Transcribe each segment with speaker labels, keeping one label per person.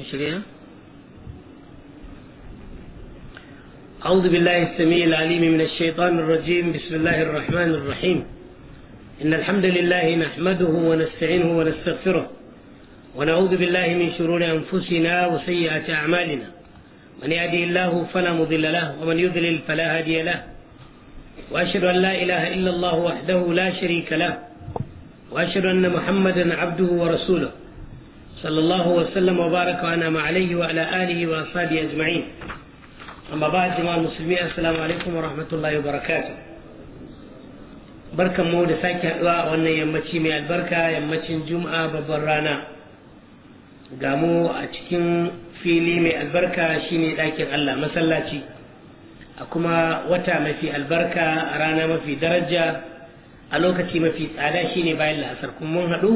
Speaker 1: عشرين أعوذ بالله السميع العليم من الشيطان الرجيم بسم الله الرحمن الرحيم إن الحمد لله نحمده ونستعينه ونستغفره ونعوذ بالله من شرور أنفسنا وسيئات أعمالنا من يهدي الله فلا مضل له ومن يضلل فلا هادي له وأشهد أن لا إله إلا الله وحده لا شريك له وأشهد أن محمدا عبده ورسوله صلى الله وسلم وبارك وأنعم عليه وعلى آله وأصحابه أجمعين أما بعد جماعة المسلمين السلام عليكم ورحمة الله وبركاته بركة مودة ساكة وأن يمتشي من البركة يمتشي جمعة ببرانا gamu a cikin fili mai albarka shine ɗakin Allah masallaci a kuma wata mafi albarka a rana mafi daraja a lokaci mafi tsada shine bayan la'asar kuma mun haɗu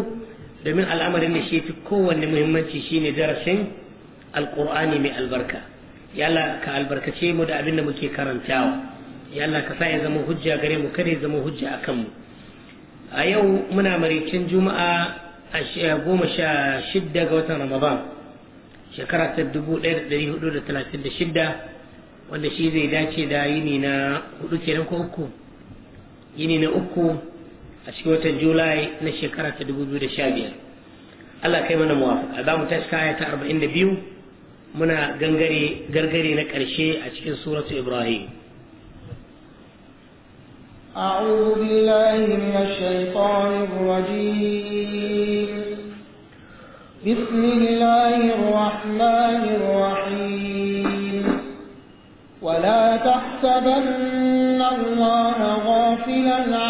Speaker 1: domin al'amarin da shi fi kowanne muhimmanci shine darasin alkur'ani mai albarka yalla ka albarkace mu da abin da muke karantawa yalla ka sa ya zama hujja gare mu kada ya zama hujja a kanmu a yau muna maricin juma'a a goma sha shidda ga watan ramadan shekara ta dubu ɗaya da ɗari hudu da talatin da shidda wanda shi zai dace da yini na hudu kenan ko uku yini na uku a cikin watan julai na shekara ta 2015 Allah kai mana muwafaka za mu tashi kaya ta 42 muna gangare gargare na ƙarshe a cikin suratu ibrahim
Speaker 2: أعوذ بالله من الشيطان الرجيم بسم الله الرحمن الرحيم ولا تحسبن الله غافلا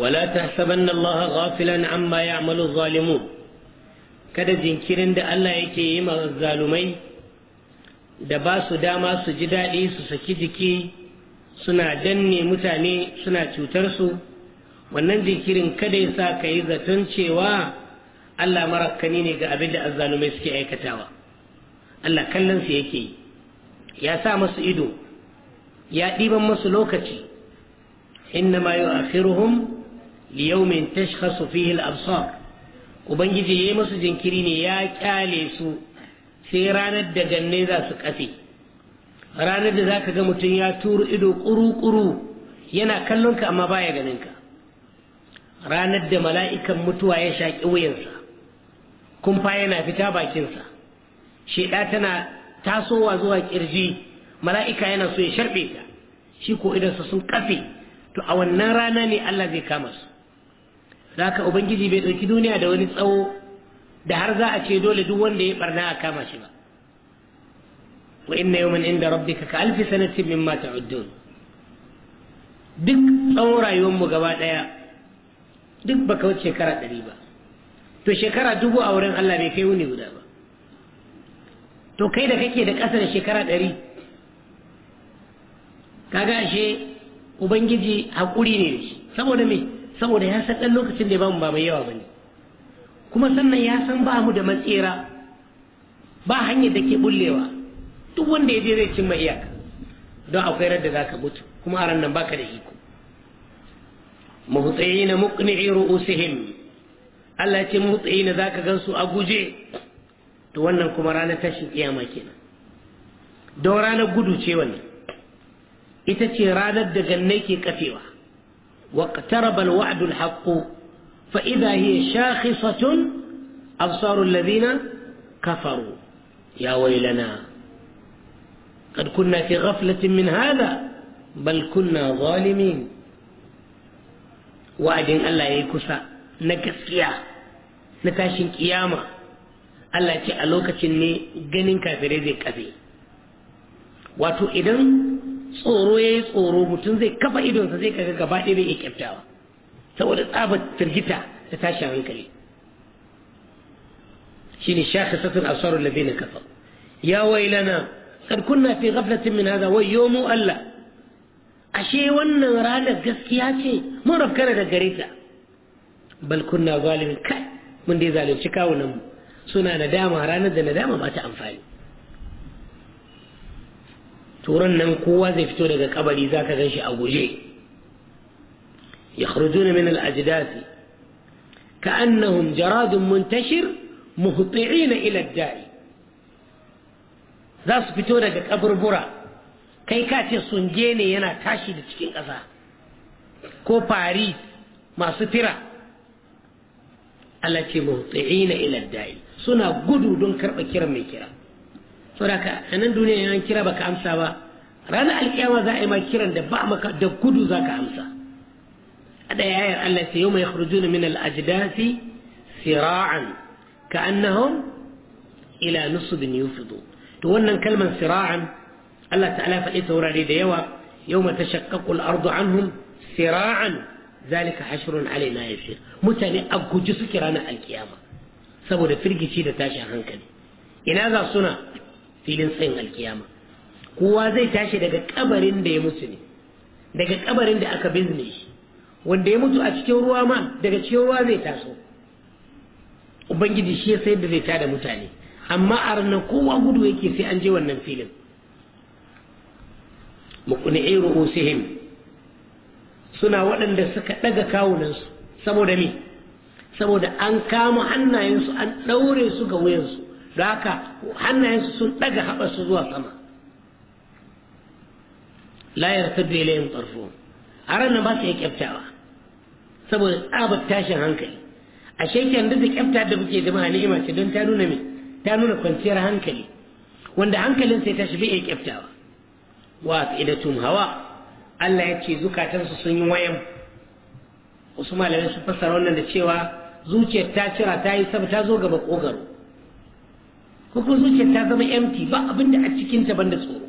Speaker 1: ولا تحسبن الله غافلا عما يعمل الظالمون kada jinkirin da Allah yake yi ma zalumai da ba su dama su ji daɗi su saki jiki suna danne mutane suna cutar su wannan jinkirin kada ya sa ka yi zaton cewa Allah marakkani ne ga abin da azzalumai suke aikatawa Allah kallon su yake ya sa masu ido ya ɗiban masu lokaci innama yu'akhiruhum li yawmin tashkhasu fihi al-absar ubangiji yayi masu jinkiri ne ya ƙyale su sai ranar da ganne za su kafe ranar da zaka ga mutum ya turu ido kuru-kuru yana kallon ka amma baya ganin ka ranar da mala'ikan mutuwa ya shaƙi wuyansa kumfa yana fita bakinsa sheda tana tasowa zuwa ƙirji. mala'ika yana so ya sharbe ta shi ko idansa sun kafe to a wannan rana ne Allah zai kama su da haka ubangiji bai ɗauki duniya da wani tsawo da har za a ce dole duk wanda ya barna a kama shi ba wa inna yawman inda rabbika ka alfi sanatin mimma ta'uddun duk tsawon rayuwar mu gaba daya duk baka wuce shekara ɗari ba to shekara dubu a wurin Allah bai kai wuni guda ba to kai da kake da ƙasa da shekara ɗari kaga ashe ubangiji hakuri ne da shi saboda me saboda ya san ɗan lokacin da ya mu ba mai yawa bane kuma sannan ya san ba mu da matsira ba hanyar da ke bullewa duk wanda ya je zai cimma iyaka don akwai rar za ka mutu kuma a nan baka da iko muhtayina na ru'usihim Allah ce muhtayina na za ka gansu a guje to wannan kuma ranar tashin kiyama kenan don ranar gudu ce wannan ita ce ranar da ganna ke kafewa wa tarabal wa'adul haqqu fa idha hiya shakhisatun absaru alladhina kafaru ya waylana qad kunna fi ghaflatin min hadha bal kunna zalimin wa'adin Allah yayi kusa na gaskiya na tashin kiyama Allah ce a lokacin ne ganin kafirai zai kafe wato idan tsoro ya yi tsoro mutum zai kafa idonsa zai kaga gaba ɗaya bai iya kyaftawa saboda tsabar firgita da tashin hankali shine shakhisatun absarul na kafaru ya wailana kad kunna fi gaflatin min wai yo mu Allah ashe wannan ranar gaskiya ce mun rafkana da gare ta bal kunna zalimin kai mun dai zalunci kawunan mu suna nadama ranar da nadama ba ta amfani turan nan kowa zai fito daga kabari zaka gan shi a guje yakhrujun min al-ajdasi ka'annahum jaradun muntashir muhti'ina ila al dai za su fito daga kaburbura kai ka ce sun je ne yana tashi da cikin ƙasa ko fari masu fira Allah ce muhti'ina ila al dai suna gudu don karɓa kiran mai kira saboda a nan duniya yan kira baka amsa ba ranar alkiyama za a yi ma kiran da ba maka da gudu za ka amsa a ɗaya ayar Allah sai yau mai khurjuna min al sira'an ka annahum ila nusubin yufidu to wannan kalmar sira'an Allah ta'ala faɗi wurare da yawa yau mata shakkakul ardu anhum sira'an zalika hashrun alaina yasir mutane a guji suke ranar alkiyama saboda firgici da tashin hankali ina za suna filin tsayin alkiyama kowa zai tashi daga kabarin da ya mutu ne daga kabarin da aka binne shi wanda ya mutu a cikin ruwa ma daga cikin ruwa zai taso ubangiji shi ya sayar da zai tada mutane amma a ranar kowa gudu yake sai an je wannan filin muqni'i ru'usihim suna waɗanda suka ɗaga kawunansu saboda me saboda an kama hannayensu an ɗaure su ga wuyansu da haka hannayensu sun ɗaga haɓarsu zuwa sama layar ta bele yin ƙarfo a nan ba su yi kyaftawa saboda tsabar tashin hankali a shekiyar da kyafta da muke jama'a ni'ima ce don ta nuna ta nuna kwanciyar hankali wanda hankalin sai ta shi bai kyaftawa wa tun hawa Allah ya ce zukatansu sun yi wayan wasu malamai sun fassara wannan da cewa zuciyar ta cira ta yi sama ta zo gaba ƙogaro. ko zuciyar ta zama empty ba abin da a cikinta banda tsoro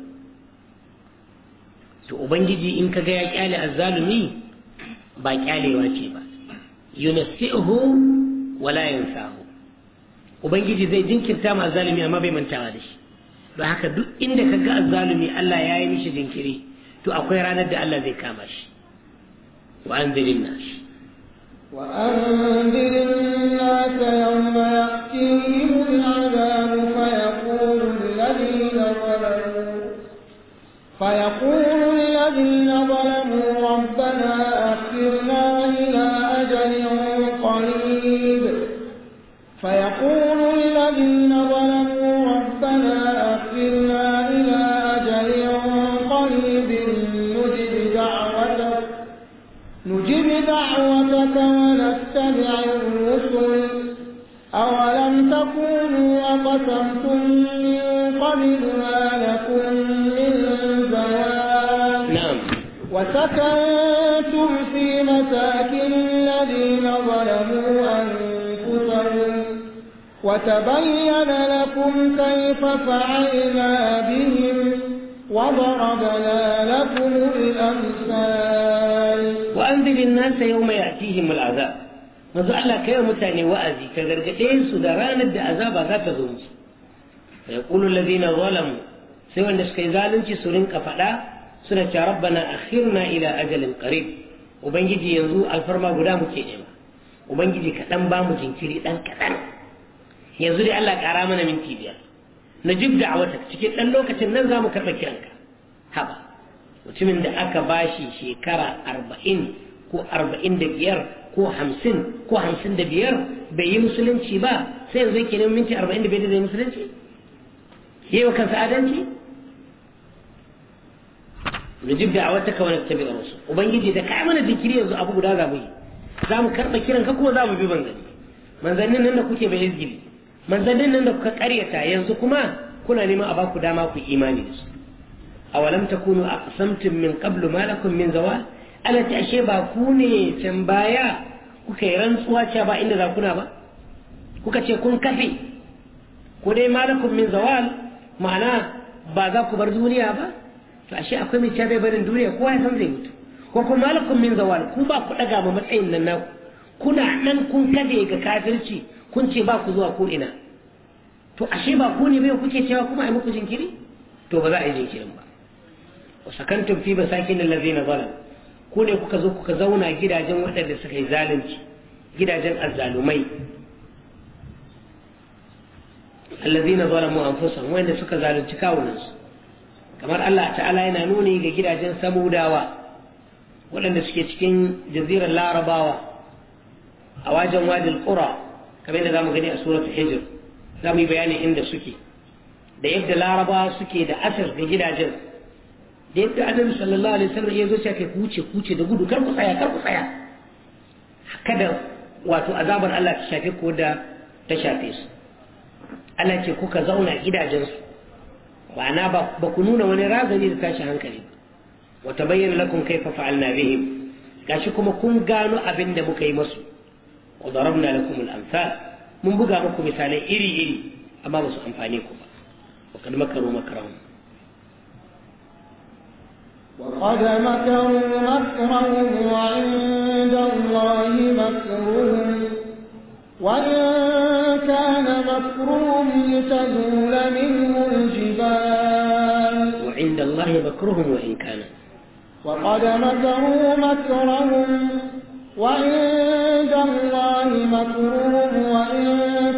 Speaker 1: to ubangiji in ka ga ya kyale azzalumi ba kyalewa ce ba yunasihu wala yansahu ubangiji zai jinkirta ma azzalumi amma bai mantawa da shi ba haka duk inda ka ga azzalumi Allah ya yi mishi jinkiri to akwai ranar da Allah zai kama shi wa anzirin nashi
Speaker 2: وأنذر الناس يوم يأتيهم العذاب فيقول الذين سكنتم في مساكن الذين ظلموا أنفسهم وتبين لكم كيف فعلنا بهم وضربنا لكم
Speaker 1: الأمثال وأنذر الناس يوم يأتيهم العذاب مزو الله كيو متاني وأذي كذرقتين سدران الدي عذاب فيقول الذين ظلموا سوى أن تشكي ظالم كفلا suna cewa rabbana akhirna ila ajalin qarib ubangiji yanzu alfarma guda muke nema ubangiji kaɗan ba mu jinkiri ɗan kaɗan yanzu dai Allah kara mana minti biyar na jib da'awata cikin ɗan lokacin nan zamu mu kiran kiranka haba mutumin da aka bashi shekara arba'in ko arba'in da ko hamsin ko hamsin bai yi musulunci ba sai yanzu yake neman minti arba'in da biyar musulunci yi wa kansa adalci nujib da'awataka wa nattabi rusul ubangiji da kai mana zikiri yanzu abu guda za mu yi za mu karba kiran ka kuma za mu bi manzanni manzannin nan da kuke bai izgili manzannin nan da kuka karyata yanzu kuma kuna neman a baku dama ku imani da su awalam takunu aqsamtum min qablu ma lakum min zawal ala ta ashe ba ku ne can baya kuka yi rantsuwa cewa ba inda za kuna ba kuka ce kun kafe ko dai malakum min zawal ma'ana ba za ku bar duniya ba to ashe akwai mai cewa bai barin duniya kowa ya san zai mutu ko kuma malakun min zawal ku ba ku daga ma matsayin nan naku kuna nan kun kade ga kafirci kun ce ba ku zuwa ko ina to ashe ba ku ne bai kuke cewa kuma ai muku jinkiri to ba za a yi jinkirin ba wa sakantum fi basakin allazina zalam ku ne kuka zo kuka zauna gidajen waɗanda suka yi zalunci gidajen azzalumai allazina zalamu anfusahum wanda suka zalunci kawunansu kamar Allah ta'ala yana nuni ga gidajen samudawa waɗanda suke cikin jazirar larabawa a wajen wajen ƙura kamar yadda za mu gani a suratul hijir za mu yi bayanin inda suke da yadda larabawa suke da asir ga gidajen da yadda adam sallallahu alaihi wasallam ya zo ya kai kuce kuce da gudu kar ku tsaya kar ku tsaya kada wato azabar Allah ta shafe ko da ta shafe su Allah ce kuka zauna gidajensu وأنا بكونون ونراز ذي تاش هنكلي وتبين لكم كيف فعلنا بهم كاشكم كم قالوا أبن دمك يمسو وضربنا لكم الأمثال من بقى مكم مثال إري إري أما بس أنفانيكم وقد مكروا مكرهم
Speaker 2: وقد مكروا مكرهم وعند الله مكرهم وإن كان مكرهم لتزول منه
Speaker 1: الله مكرهم وإن كان
Speaker 2: وقد مكروا مكرهم وعند الله مكرهم وإن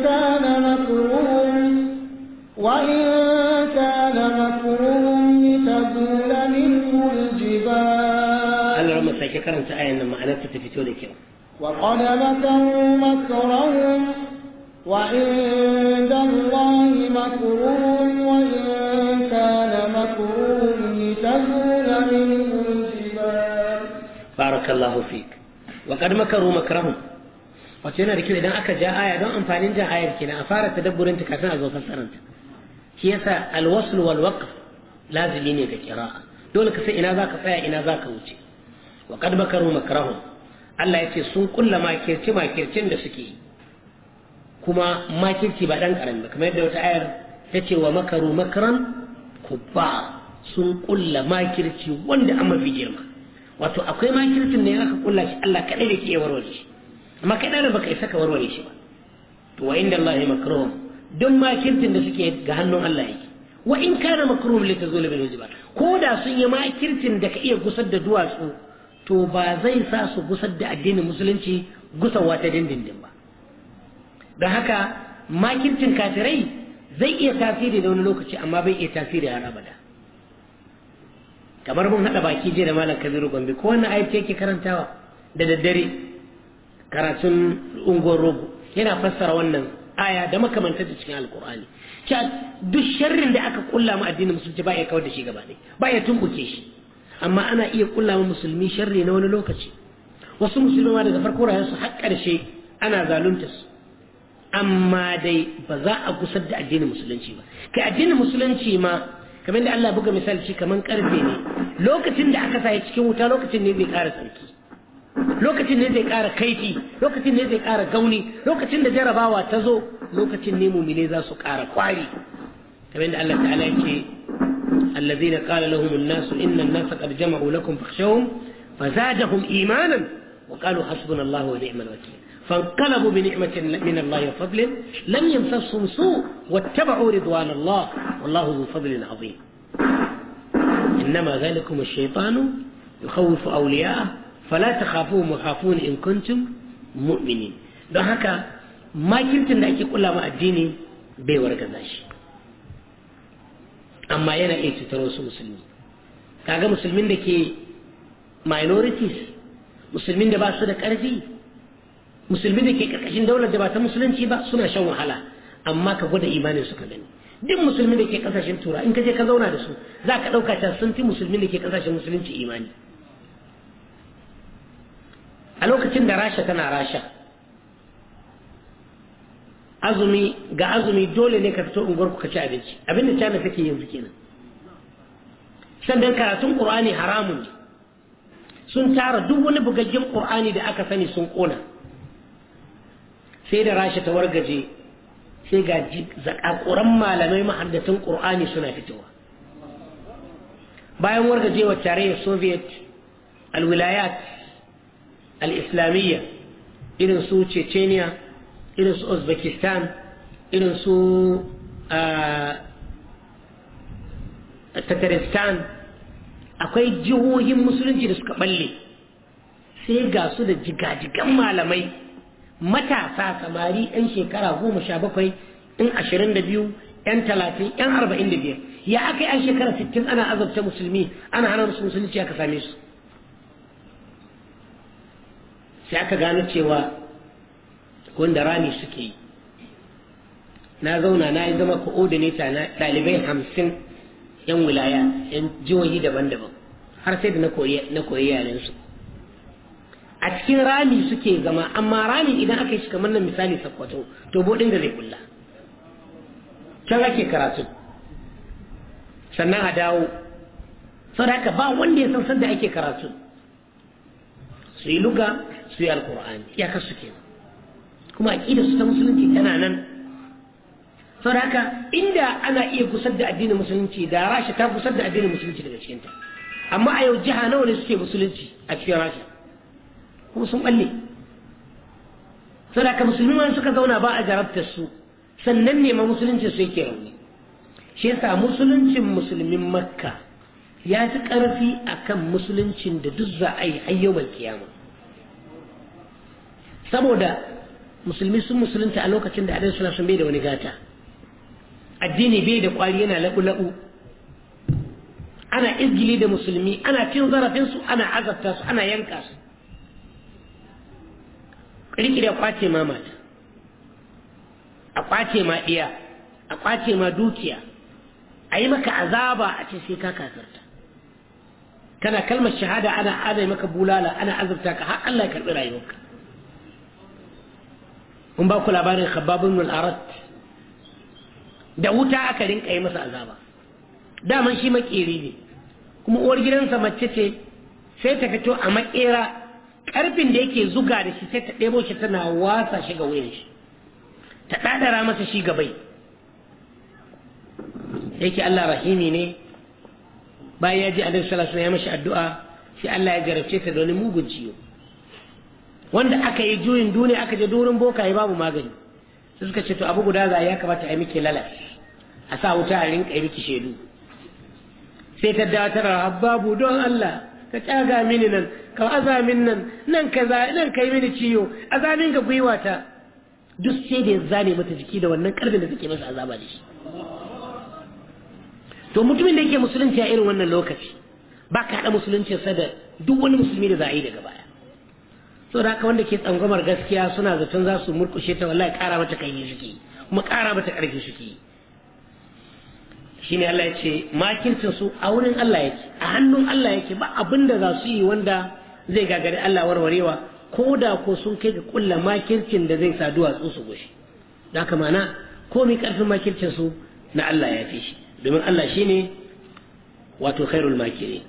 Speaker 2: كان مكرهم وإن كان مكرهم لتزول منه الجبال أنا لما
Speaker 1: سأكرر كرمت آية لما أنا تتفتوا لك وقد مكروا
Speaker 2: مكرهم وعند الله مكرهم
Speaker 1: barakallahu fik wa kad makaru makrahum wace yana da kyau idan aka ja aya don amfanin jan ayar kenan a fara tadabburin ta kafin a zo fassarar ta shi yasa alwasl wal waqf lazimi ne ga qira'a dole ka sai ina zaka tsaya ina zaka wuce wa kad makaru makrahum Allah ya ce sun kulla makirci makircin da suke yi kuma makirci ba dan karami ba kamar yadda wata ayar ta ce wa makaru makran kubba sun kulla makirci wanda an mafi girma wato akwai makircin ne aka kulla shi Allah kaɗai da ke warware shi amma kai da baka isa ka warware shi ba to wa inda Allah makruhum don makircin da suke ga hannun Allah yake wa in kana makruhum li tazul bil wajiba ko da sun yi makircin da ka iya gusar da duwatsu to ba zai sa su gusar da addinin musulunci gusarwa ta dindindin ba don haka makircin kafirai zai iya tasiri da wani lokaci amma bai iya tasiri har abada kamar mun haɗa baki jiya da malam kabiru gombe ko wannan ayat yake karantawa da daddare karatun unguwar rogo yana fassara wannan aya da makamantar da cikin alkur'ani cewa duk sharrin da aka kulla mu addinin musulunci ba ya kawar da shi gaba ba ya tumbuke shi amma ana iya kulla mu musulmi sharri na wani lokaci wasu ma daga farko rayuwarsu har ƙarshe ana zalunta su amma dai ba za a kusar da addinin musulunci ba kai addinin musulunci ma kamar da Allah buga misali shi kamar karfe ne lokacin da aka sa cikin wuta lokacin ne zai ƙara sarki lokacin ne zai ƙara kaifi lokacin ne zai ƙara gauni lokacin da jarabawa ta zo lokacin ne mumine za su ƙara kwari kamar da Allah ta'ala yake allazina qala lahum an-nas inna an-nas qad jama'u lakum fakhshawhum fazadahum imanan wa qalu hasbunallahu wa ni'mal wakeel فانقلبوا بنعمة من الله وفضل لم يمسسهم سوء واتبعوا رضوان الله والله ذو فضل عظيم إنما ذلكم الشيطان يخوف أولياءه فلا تخافوا وخافون إن كنتم مؤمنين دهك ما كنت أنك قل ما أديني بي ورقة أما أنا أنت إيه ترى مسلمين كاقا مسلمين دكي minorities مسلمين دباسة دكارفين musulmi da ke karkashin daular da ba ta musulunci ba suna shan wahala amma ka gwada imanin su ka gani duk musulmi da ke kasashen tura in ka je ka zauna da su za ka ɗauka ta sun fi musulmi da ke kasashen musulunci imani a lokacin da rasha tana rasha azumi ga azumi dole ne ka fito unguwar ku ka ci abinci abin da china take yanzu kenan sannan karatun qur'ani haramun sun tara duk wani bugaggen qur'ani da aka sani sun kona sai da rasha ta wargaje sai ga zakakuran malamai mahaddatin qur'ani suna fitowa bayan tare da soviet alwilayat al-islamiyya irin su chechenia irin su uzbekistan irin su tataristan akwai jihohin musulunci da suka balle sai ga su da jigajigan malamai matasa samari yan shekara goma sha bakwai ɗin ashirin da biyu yan talatin yan arba'in da biyar ya aka yi an shekara sittin ana azabta musulmi ana hana musu musulunci aka same su sai aka gano cewa wanda rami suke yi na zauna na yi zama coordinator na ɗalibai hamsin yan wilaya yan jihohi daban-daban har sai da na koyi yarensu a cikin rami suke zama amma rami idan aka yi shi kamar nan misali sakwato to bodin da zai kulla can ake karatu sannan a dawo sau da haka ba wanda ya san sanda ake karatu su yi luga su yi alkur'an iyakar su ke kuma a ƙida su ta musulunci tana nan sau da haka inda ana iya gusar da addinin musulunci da rasha ta gusar da addinin musulunci daga cikinta amma a yau jiha nawa ne suke musulunci a cikin rasha Ko sun balle saboda musulmi wani suka zauna ba a jarabtar su sannan ne ma musulunci su yake rauni shi yasa musuluncin musulmin makka ya fi ƙarfi akan musuluncin da duk za a yi hayyawar kiyama saboda musulmi sun musulunta a lokacin da suna sun bai da wani gata addini bai da kwari yana laɓu-laɓu ana izgili da musulmi ana cin zarafinsu ana azabta su ana yanka su Ƙirƙire kwace ma mata a kwace ma ɗiya a kwace ma dukiya a yi maka azaba a ce sai ka kafirta kana kalmar shahada ana azai maka bulala ana azurta ka har Allah ya karɓi rayuwarka mun ba ku labarin khabbab ibn arat da wuta aka rinka yi masa azaba daman shi makeri ne kuma uwar gidansa mace ce sai ta fito a makera karfin da yake zuga da shi sai ta ɗebo shi tana wasa shi ga wuyan shi ta ɗaɗara masa shi gabai yake Allah rahimi ne bayan ya ji a sallallahu alaihi ya mashi addu'a sai Allah ya jarabce ta da wani mugun ciwo wanda aka yi juyin duniya aka je durin boka ya babu magani sai suka ce to abu guda za ya kamata a yi miki lalas a sa wuta a rinka yi miki shaidu. sai ta dawo tana babu don Allah ka kyaga mini nan ka azamin nan nan kaza nan kai mini ciwo, azamin ga ta. duk sai da zane mata jiki da wannan karfin da take masa azaba da shi to mutumin da yake musulunci a irin wannan lokaci ba ka haɗa musuluncin sa da duk wani musulmi da za a yi daga baya da haka wanda ke tsangwamar gaskiya suna zaton za su murkushe ta wallahi kara mata kai ne suke kuma kara mata shi suke shine Allah ya ce makircin su a wurin Allah yake a hannun Allah yake ba abin da za su yi wanda zai gagari Allah warwarewa ko da ko sun kai ga kulla makircin da zai sa duwatsu su goshi da haka mana komai karfin makircin su na Allah ya fi shi domin Allah shine wato khairul makirin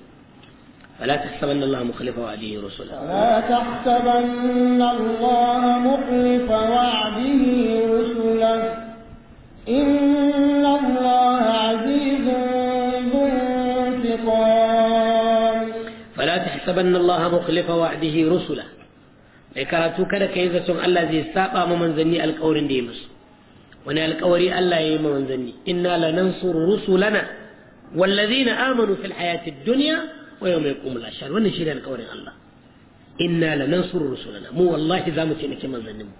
Speaker 1: فلا تحسبن الله مخلف وعده رسله لا
Speaker 2: تحسبن الله مخلف وعده رسله إن الله
Speaker 1: tahsabanna Allah mukhlifa wa'dihi rusula mai karatu kada ka yi zaton Allah zai saba ma manzanni alƙawarin da ya musu wani alƙawari Allah ya yi ma manzanni inna lanansuru rusulana wallazina amanu fil hayati dunya wa yawma yaqumul ashhad wannan shi ne alƙawarin Allah inna lanansuru rusulana mu wallahi zamu taimaki manzannin mu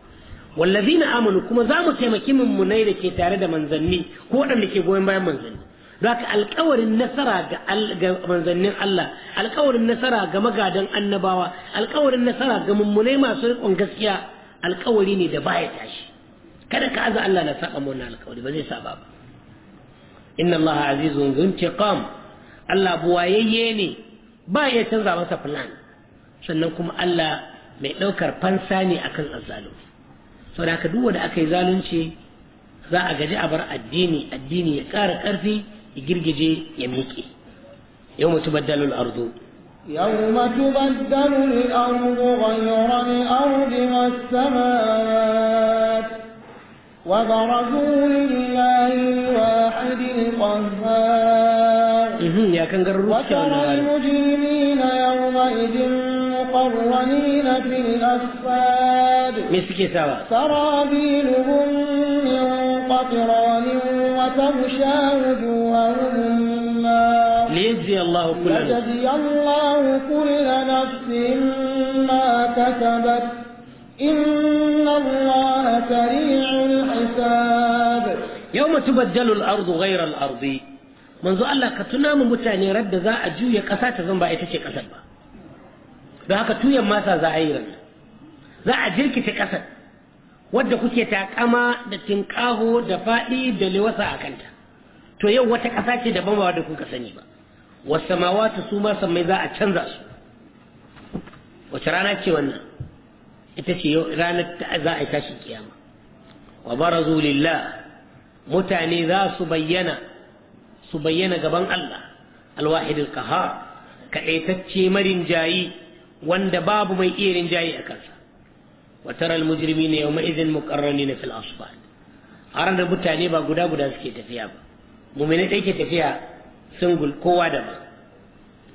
Speaker 1: wallazina amanu kuma zamu taimaki mummunai da ke tare da manzanni ko waɗanda ke goyon bayan manzanni Raka alkawarin nasara ga manzannin Allah, alkawarin nasara ga magadan annabawa, alkawarin nasara ga mummunai masu rikon gaskiya, alkawari ne da baya tashi. Kada ka aza Allah na saba mu alƙawari alkawari ba zai saba ba. Inna Allah azizun zuntiqam Allah buwayayye ne ba ya canza masa plan. Sannan kuma Allah mai ɗaukar fansa ne akan azzalumi. Saboda haka duk wanda aka yi zalunci za a gaji a bar addini addini ya ƙara ƙarfi ya girgije يوم تبدل الأرض
Speaker 2: يوم تبدل الأرض غير الأرض والسماوات وبرزوا لله الواحد القهار
Speaker 1: وترى
Speaker 2: المجرمين يومئذ مقرنين في الأسفاد سرابيلهم من ليجزي الله كل نفس
Speaker 1: ليجزي الله
Speaker 2: كل نفس ما كسبت إن الله
Speaker 1: سريع الحساب يوم تبدل الأرض غير الأرض منذ الله كتنا من متعني رد ذا أجو يقصى تزنبا يتشي قصبا بهاك تويا ماسا ذا عيرا ذا أجلك تكسب wadda kuke takama da tinƙaho da faɗi da lewasa a kanta to yau wata ƙasa ce da ba da kuka sani ba wasu ta su ma mai za a canza su wace rana ce wannan ita ce yau ranar za a yi tashi kiyama wa barazu lillah mutane za su bayyana su bayyana gaban Allah alwahidul kahar kaɗaitacce jayi wanda babu mai iya rinjayi a kansa وترى المجرمين يومئذ مقرنين في الاصفاد aran da mutane ba guda guda suke tafiya ba mumini ɗai ke tafiya sun kowa da ba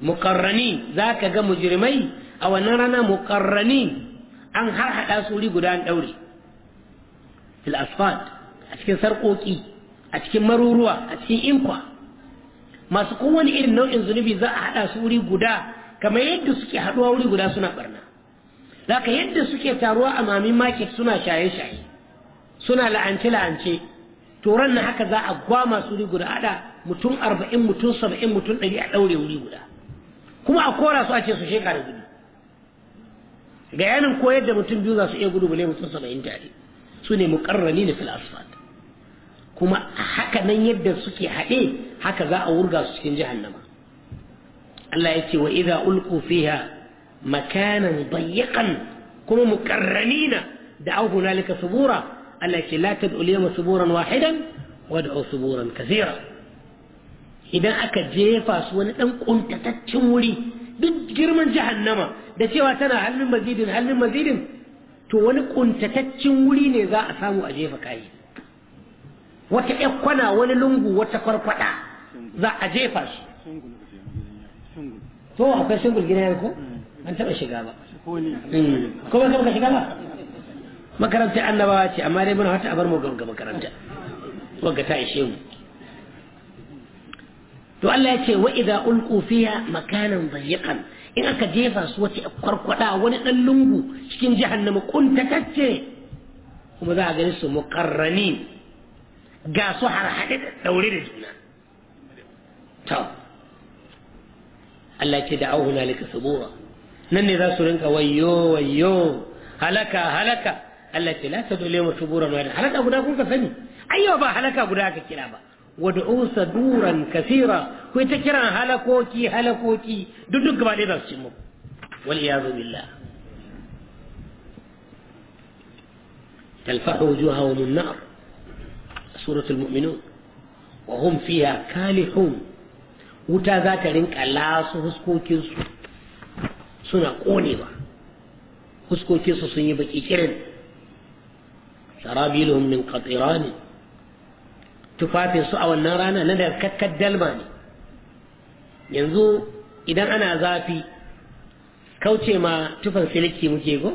Speaker 1: mukarrani za ka ga mujirmai a wannan rana mukarrani an har haɗa su wuri guda an ɗaure fil a cikin sarƙoƙi a cikin maruruwa a cikin inkwa masu kowane irin nau'in zunubi za a haɗa su wuri guda kamar yadda suke haɗuwa wuri guda suna ɓarna Zaka yadda suke taruwa a mamin market suna shaye-shaye, suna la'ance-la'ance, turan na haka za a gwama su wuri guda ada mutum arba'in mutum saba'in mutum ɗari a ɗaure wuri guda. Kuma a kora su a ce su sheka da gudu. Ga yanin ko yadda mutum biyu za su iya gudu bale mutum saba'in tare. Su ne muƙarrani na fil Kuma haka nan yadda suke haɗe haka za a wurga su cikin jahannama. Allah ya ce wa idza ulqu fiha مكانا ضيقا كونوا مكرمين دعوا هنالك صبورا التي لا تدعو اليوم صبورا واحدا وادعو صبورا كثيرا idan aka jefa su wani ɗan ƙuntataccen wuri duk girman jahannama da cewa tana halin mazidin halin mazidin to wani ƙuntataccen wuri ne za a samu a jefa kayi
Speaker 2: wata ƴakwana
Speaker 1: wani lungu wata kwarkwada za a jefa shi to akwai shingul gidan yanku An taɓa shiga ba ko ban taɓa shiga ba hmm. Makaranta annabawa ce amma dai muna wata abar mu ga makaranta wagga ta ishe mu to Allah ya ce wa idza ulqu fiha makanan dayiqan in aka jefa su wace kwarkwada wani dan lungu cikin jahannama kuntatacce kuma za a gani su muqarrani ga su har hade da daure da juna to Allah ya ce da'awhu nalika subura nan ne za su rinka wayyo wayyo halaka halaka Allah ce la tadule mu suburan wahid halaka guda kun ka sani ayyo ba halaka guda ka kira ba wad'u duran kaseera ku ta kiran halakoki halakoki duk duk gaba ba su mu wal iyadu billah talfahu wujuhahum an-nar suratul mu'minun wa hum fiha kalihun wuta za ta rinka lasu huskokinsu suna ƙonewa fuskokinsu sun yi baki kirin sharabiluhum min qatirani tufafinsu a wannan rana na daga kakkar dalma ne yanzu idan ana zafi kauce ma tufan siliki muke go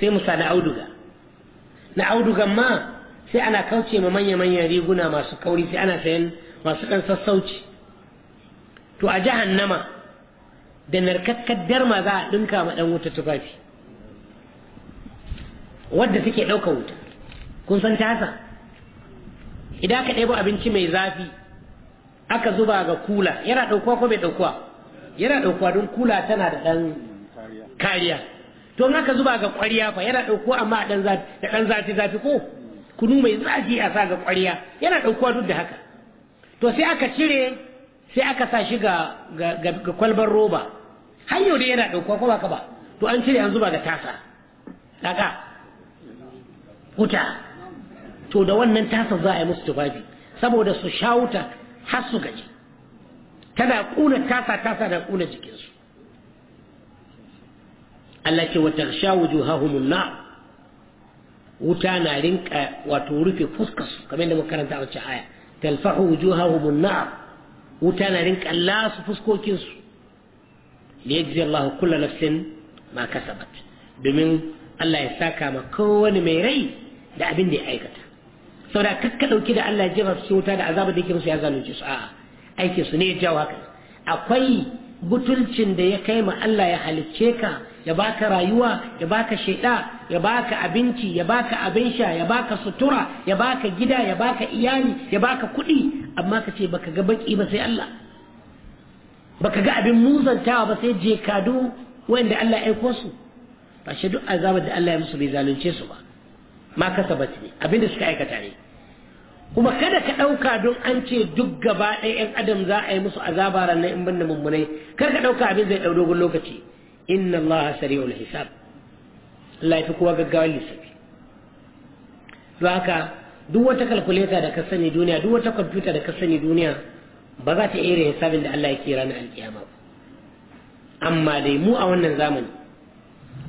Speaker 1: sai mu sa na auduga na audugan ma sai ana kauce ma manya-manyan riguna masu kauri sai ana sayan masu ɗan sassauci to a jahannama da narkakkar darma za a ɗinka ma ɗan wuta tufafi wadda suke ɗauka wuta kun san tasa idan ka ɗebo abinci mai zafi aka zuba ga kula yana ɗaukuwa ko mai ɗaukuwa yana ɗaukuwa don kula tana da ɗan kariya to in aka zuba ga ƙwariya fa yana ɗaukuwa amma da ɗan zafi zafi ko kunu mai zafi a sa ga ƙwariya yana ɗaukuwa duk da haka to sai aka cire sai aka sa shi ga kwalbar roba Hanyar dai yana ɗauko ko baka ba to an cire an zuba ga tasa daga wuta to da wannan tasa za a yi musu tufafi saboda su sha wuta har su gaji tana kuna tasa tasa da kuna jikinsu Allah ce wata sha wujuhahumun na wuta na rinka wato rufe fuskarsu kamar da makaranta a wacce haya talfahu wujuhahumun na wuta na rinka lasu fuskokinsu liyajzi Allah kullu nafsin ma kasabat domin Allah ya saka ma kowani mai rai da abin da ya aikata saboda ka ɗauki da Allah ya jefa su wuta da azabar da yake musu ya zalunce su a'a aikin su ne ya jawo haka akwai butulcin da ya kai ma Allah ya halicce ka ya baka rayuwa ya baka sheda ya baka abinci ya baka abin sha ya baka sutura ya baka gida ya baka iyali ya baka kuɗi amma ka ce baka ga baki ba sai Allah baka ga abin muzantawa ba sai jekadu wanda Allah ya aiko su ba shi duk azabar da Allah ya musu bai zalunce su ba ma kasabat ne abinda suka aikata ne kuma kada ka ɗauka don an ce duk gaba ɗaya 'yan adam za a yi musu azaba ranar in banda mummunai kar ka ɗauka abin zai ɗau dogon lokaci inna allaha sari'ul hisab Allah ya fi kowa gaggawar lissafi don haka duk wata kalkuleta da ka sani duniya duk wata kwamfuta da ka sani duniya ba za ta iya hisabin da Allah ya ke ranar alƙiyama ba amma dai mu a wannan zamani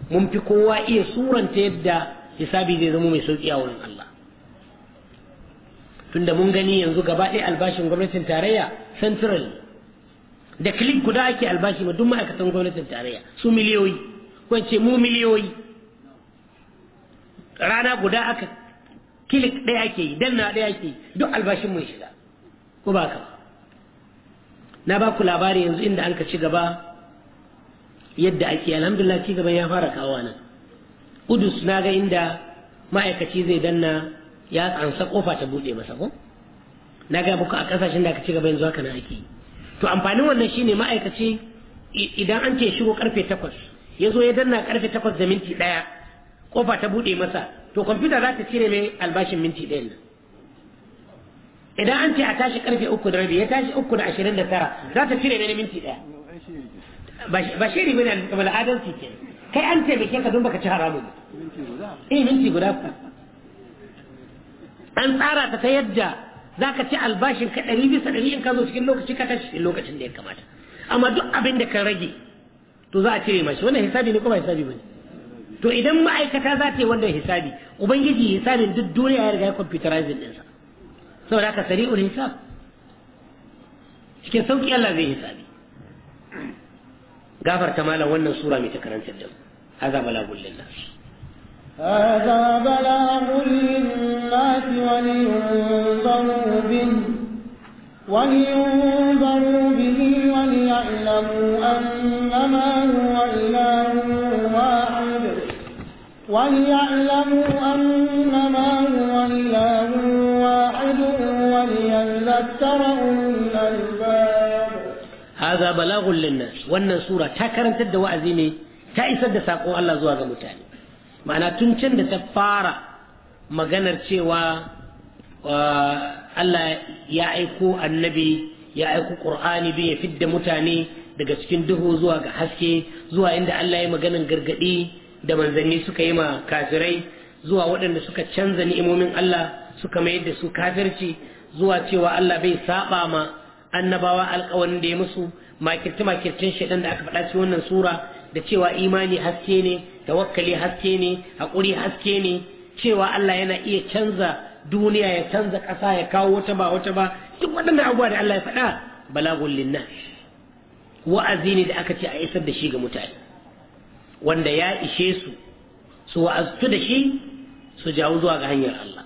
Speaker 1: mun fi kowa iya suranta yadda hisabi zai zama mai sauƙi a wurin Allah tunda mun gani yanzu gaba ɗaya albashin gwamnatin tarayya central da klik guda ake albashi ma duk ma'aikatan gwamnatin tarayya su miliyoyi ko ce mu miliyoyi rana guda aka kilik ɗaya ake yi danna ɗaya ake yi duk albashin mun shiga ko ba ka ba na ba ku labari yanzu inda an ka ci gaba yadda ake alhamdulillah ci gaban ya fara kawo nan udus na ga inda ma'aikaci zai danna ya tsansa kofa ta buɗe masa ko na ga muku a kasashen da aka ci gaba yanzu haka na ake to amfanin wannan shine ma'aikaci idan an ce shigo karfe takwas ya zo ya danna karfe takwas da minti ɗaya kofa ta buɗe masa to kwamfuta za ta cire mai albashin minti ɗayan nan idan an ce a tashi karfe uku da rabi ya tashi uku da ashirin da tara za ta cire na minti
Speaker 2: ɗaya ba shiri
Speaker 1: bane kamar adalci ke kai an taimake ka don baka ci haramun
Speaker 2: eh minti guda
Speaker 1: ku an tsara ta ta yadda za ka ci albashin ka ɗari bisa ɗari in ka zo cikin lokaci ka tashi lokacin da ya kamata amma duk abin da ka rage to za a cire mashi wannan hisabi ne kuma hisabi ne. to idan ma'aikata za ta yi wannan hisabi ubangiji hisabin duk duniya ya riga ya computerizing ɗinsa سو راك سريع لكن شكل سوكي الله ذي حسابي غافر تمالا ونن سورة متكرن سلم هذا بلاغ للناس
Speaker 2: هذا بلاغ للناس ولينظروا به ولينظروا به وليعلموا أنما هو إله واحد وليعلموا أنما هو إله واحد wannan يذكر أولو
Speaker 1: الألباب هذا بلاغ للناس وأن سورة تكرن تد وعزيني تأسد ساقو الله زواج متاني معنى ta fara maganar cewa Allah ya aiko annabi ya aiko ƙur'ani don ya fidda mutane daga cikin duhu zuwa ga haske zuwa inda Allah ya maganin gargaɗi da manzanni suka yi ma kafirai zuwa waɗanda suka canza ni'imomin Allah suka mayar da su kafirci zuwa cewa Allah bai saba ma annabawa alƙawarin da ya musu makirce makircin shaidan da aka faɗa cikin wannan sura da cewa imani haske ne da wakali haske ne haƙuri haske ne cewa Allah yana iya canza duniya ya canza ƙasa ya kawo wata ba wata ba duk waɗannan abubuwa da Allah ya faɗa balagun linnas wa'azi ne da aka ce a isar da shi ga mutane wanda ya ishe su su wa'aztu da shi su jawo zuwa ga hanyar Allah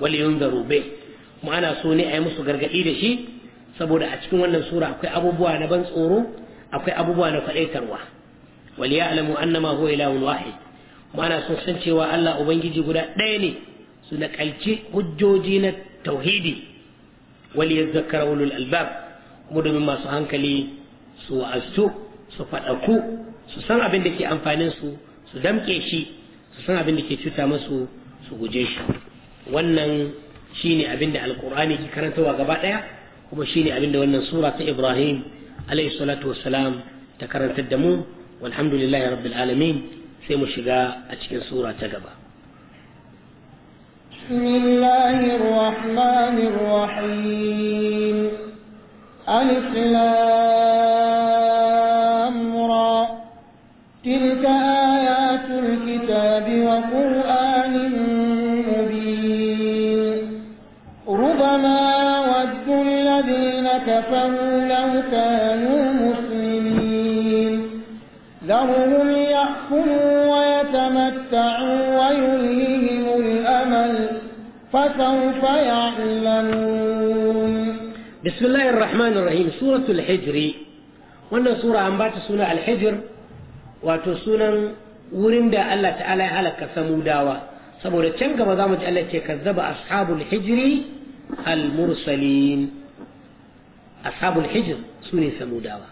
Speaker 1: wal yunzaru bai kuma ana so ne a yi musu gargaɗi da shi saboda a cikin wannan sura akwai abubuwa na ban tsoro akwai abubuwa na faɗaitarwa wal ya'lamu annama huwa ilahun wahid kuma ana so san cewa Allah ubangiji guda ɗaya ne su naƙalci hujjoji na tauhidi wal yazakkara ulul albab kuma domin masu hankali su wa'astu su faɗaku su san abin da ke amfanin su su damƙe shi su san abin da ke cuta musu su guje shi wannan shine abinda alqur'ani ke karantawa gaba daya kuma shine abinda wannan sura ta ibrahim alayhi salatu wassalam ta karantar da mu walhamdulillahi rabbil alamin sai mu shiga a cikin sura ta gaba
Speaker 2: بسم الله الرحمن الرحيم ألف تلك آيات الكتاب وقرآن وما ود الذين كفروا لو كانوا مسلمين ذرهم يأكلوا ويتمتعوا ويلههم الأمل
Speaker 1: فسوف يعلمون بسم الله الرحمن الرحيم سورة الحجر وأن سورة أنبات سنة الحجر وتسنة wurin الله تعالى على كثمودا سبورة تشنك بضامج can كذب أصحاب mu al-mursalin ashabul hijr su ne samudawa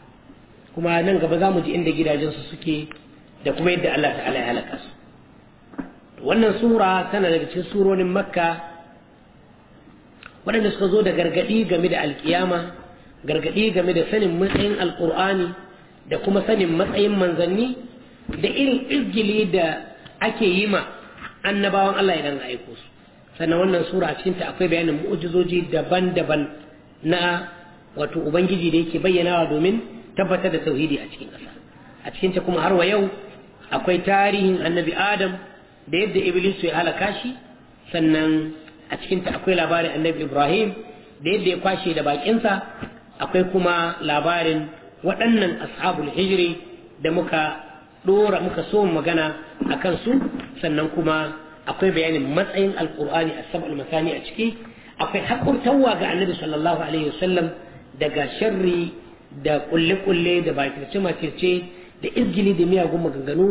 Speaker 1: kuma nan gaba za mu ji inda gidajensu suke da kuma yadda Allah ta'ala ya halaka su wannan sura tana daga cikin suronin makka waɗanda suka zo da gargaɗi game da alkiyama gargaɗi game da sanin matsayin alkur'ani da kuma sanin matsayin manzanni da irin izgili da ake yi ma annabawan Allah idan aiko su sannan wannan sura a cikinta akwai bayanin mu'ujizoji daban-daban na wato ubangiji da yake bayyanawa domin tabbatar da tauhidi a cikin ƙasa a cikinta kuma har wa yau akwai tarihin annabi adam da yadda iblis ya halaka shi sannan a cikinta akwai labarin annabi ibrahim da yadda ya kwashe da bakinsa akwai kuma labarin waɗannan ashabul hijri da muka ɗora muka so magana a su sannan kuma akwai bayanin matsayin alkur'ani a sabul masani a ciki akwai hakurtawa ga annabi sallallahu alaihi wasallam daga sharri da kulle-kulle da bakirce makirce da izgili da miyagun maganganu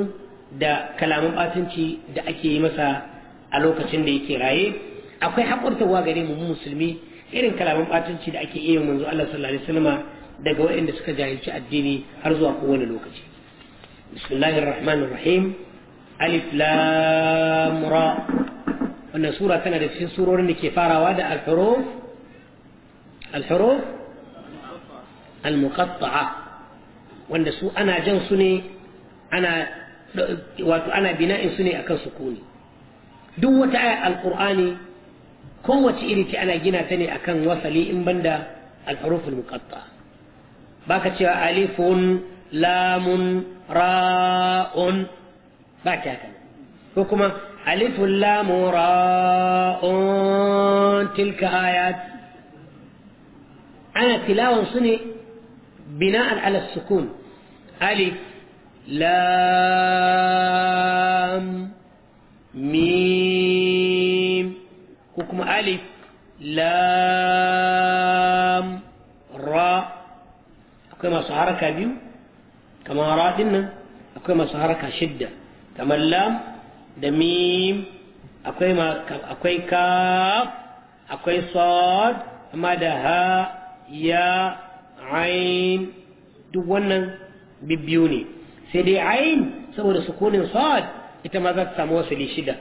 Speaker 1: da kalaman batanci da ake yi masa a lokacin da yake raye akwai hakurtawa gare mu musulmi irin kalaman batanci da ake iya manzo Allah sallallahu alaihi daga waɗanda suka jahilci addini har zuwa kowane lokaci bismillahir rahmanir rahim alif lam ra wannan sura tana da cikin surorin da ke farawa da al-huruf al-huruf al-muqatta'a wanda su ana jan su ne ana wato ana bina'in su ne akan sukuni duk wata aya al-qur'ani kowace iri ce ana gina ta ne akan wasali in banda al-huruf al-muqatta'a baka cewa alifun lamun ra'un بعد هكذا وكما ألف لام راء تلك آيات أنا تلاوة صني بناء على السكون ألف لام ميم حكم ألف لام راء كما صهرك بيو كما رادنا كما صهرك شده kamar lam da mim akwai akwai kaf akwai sod amma da ha ya ain duk wannan bibbiyu ne sai dai ain saboda sukunin sod ita ma za ta samu wasali shida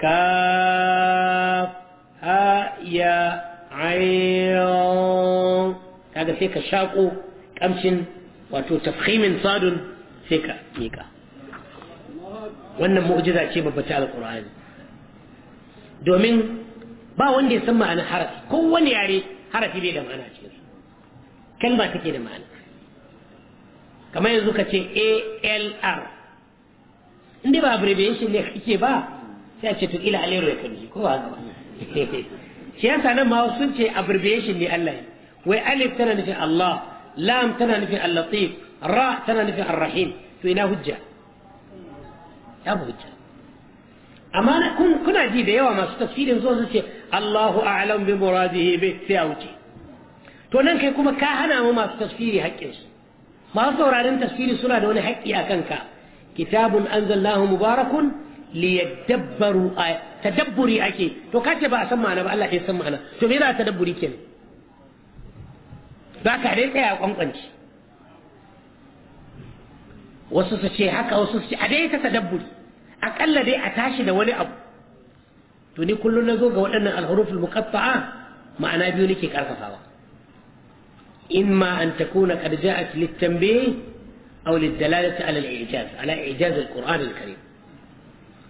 Speaker 1: kaf ha ya ain kaga sai ka shaƙo ƙamshin wato tafhimin sadun sai ka miƙa
Speaker 2: wannan mu'jiza ce
Speaker 1: babba ta alqur'ani domin ba wanda ya san ma'anar harafi kowane yare harafi bai da ma'ana ce kalma take da ma'ana kamar yanzu ka ce alr inda ba abbreviation ne kake ba sai a ce to ila alero ya kalli ko ba gaba shi yasa nan ma sun ce abbreviation ne Allah wai alif tana nufin Allah lam tana nufin al-latif ra tana nufin ar-rahim to ina hujja babu hujja amma kuna ji da yawa masu tafsirin zuwa su ce Allahu a'lam bi muradihi bi sai a wuce to nan kai kuma ka hana mu masu tafsiri su masu sauraron tafsiri suna da wani haƙƙi a kanka kitabun anzalahu mubarakun liyadabbaru tadabburi ake to ka ce ba a san ma'ana ba Allah ya san ma'ana to me za a tadabburi kenan za ka dai tsaya a kwankwanci wasu su ce haka wasu su ce a dai ta tadabburi akalla dai a tashi da wani abu to ni kullum na zo ga waɗannan alhuruful muqatta'a ma'ana biyu nake karfafawa ma an takuna qad ja'at litanbih aw lidalalati ala al-i'jaz ala i'jaz al-qur'an al-karim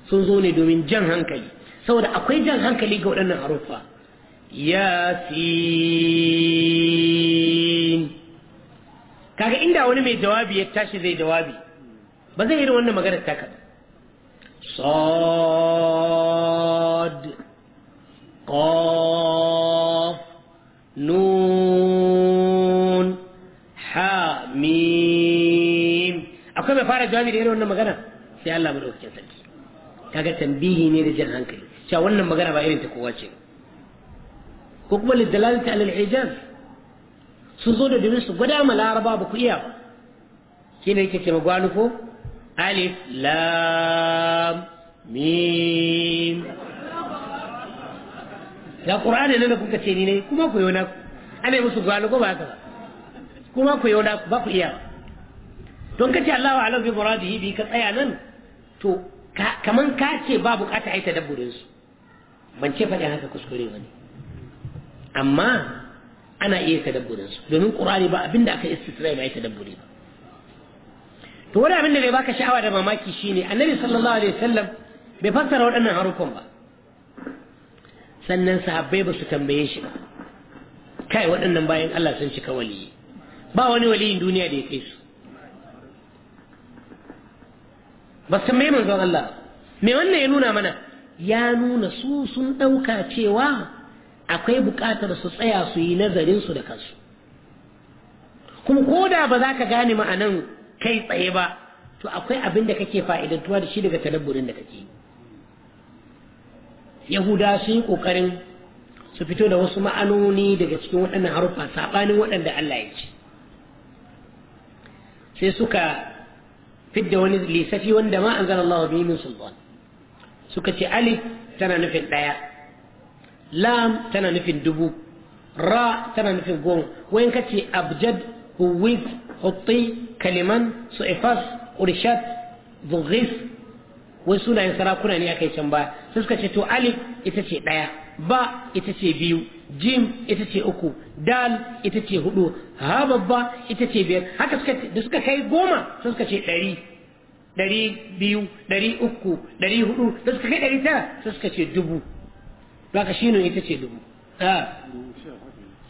Speaker 1: sun zo ne domin jan hankali saboda akwai jan hankali ga waɗannan harufa yasin kaga inda wani mai jawabi ya tashi zai jawabi ba zai irin wannan magana taka
Speaker 2: Sod
Speaker 1: قاف ha mim akwai mai fara jawabi da irin wannan magana sai Allah madaukakin sarki kaga tambihi ne da jin hankali cewa wannan magana ba irin ta kowa ce ko kuma lidalalta alal ijaz sun zo da domin su gwada ma laraba ba ku iya ba kine yake ce magwalu ko alif lam mim ga qur'ani nan da kuka ce ni ne kuma ku yona ku ana musu gwalo ko ba ka? kuma ku yona ku ba ku iya don kace Allahu a'lam bi muradihi bi ka tsaya nan to kaman ka ce ba bukata ai dabburin su ban ce faɗin haka kuskure ne. amma ana iya dabburin su domin qur'ani ba abinda aka istisrai ba ta dabburi ba to wani abin da bai baka sha'awa da mamaki shine annabi sallallahu alaihi wasallam bai fassara waɗannan harukan ba sannan sahabbai ba su tambaye shi ba kai waɗannan bayan Allah sun cika waliyi ba wani waliyin duniya da ya kai su ba su tambaye manzon Allah me wannan ya nuna mana ya nuna su sun ɗauka cewa akwai buƙatar su tsaya su yi nazarin su da kansu kuma ko da ba za ka gane ma'anan kai tsaye ba to akwai abin da kake fa'idantuwa da shi daga talaburin da kake yahuda sun yi ƙoƙarin su fito da wasu ma'anoni daga cikin waɗannan haruffa saɓanin waɗanda Allah ya ci sai suka fidda wani lissafi wanda ma an zana Allah bihi min suka ce alif tana nufin ɗaya lam tana nufin dubu ra tana nufin goma wayan ka ce abjad huwiz hutti kaliman su ifas urshat zughis wai sunayen sarakuna ne aka yi can baya sai suka ce to alif ita ce ɗaya ba ita ce biyu jim ita ce uku dal ita ce hudu ha babba ita ce biyar haka suka da suka kai goma sai suka ce ɗari ɗari biyu ɗari uku ɗari hudu da suka kai ɗari tara sai suka ce dubu baka shine ita ce dubu a ah,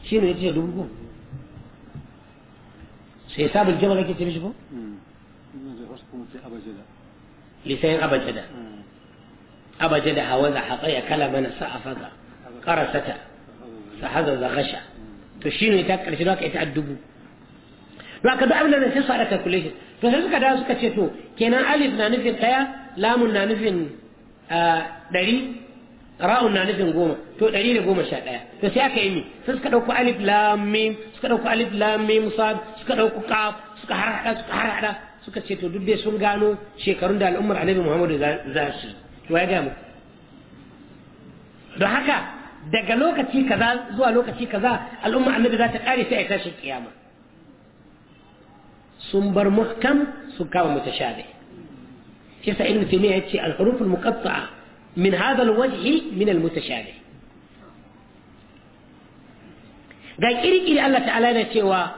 Speaker 1: shine ita ce dubu ko
Speaker 2: شيثاب الجبل هيك
Speaker 1: انت بيجبو لسان أبا جدا أبا جدا هوذا حقيا كلام أنا سأفضا قرستا سحذا غشا تشينو يتاكل شنو هكا يتعدبو ba ka duk abin da zai sai su haɗa calculation to sai suka dawo suka ce to kenan alif na nufin ɗaya lamun na nufin ɗari ra'un na nufin goma to ɗari da goma sha ɗaya to sai aka yi ne sai suka ɗauko alif lam mim suka ɗauko alif lam mim sad suka ɗauko kaf suka harhaɗa suka harhaɗa suka ce to duk dai sun gano shekarun da al'ummar annabi muhammadu za su to ya gaya muku don haka daga lokaci kaza zuwa lokaci kaza al'ummar annabi za ta ƙare sai a tashi kiyama sun bar muhkam sun kama mutashabih kisa ibnu taymiya yace al-huruf al-muqatta'a من هذا الوجه من المتشابه قال إري إري الله تعالى نتوى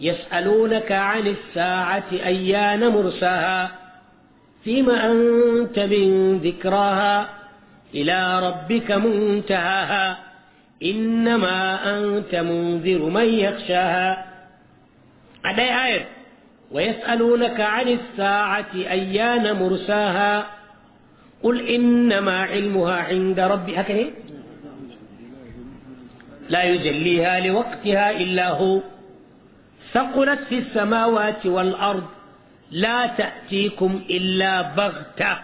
Speaker 1: يسألونك عن الساعة أيان مرساها فيما أنت من ذكراها إلى ربك منتهاها إنما أنت منذر من يخشاها أدي آير ويسألونك عن الساعة أيان مرساها قل إنما علمها عند ربي هكذا لا يجليها لوقتها إلا هو ثقلت في السماوات والأرض لا تأتيكم إلا بغتة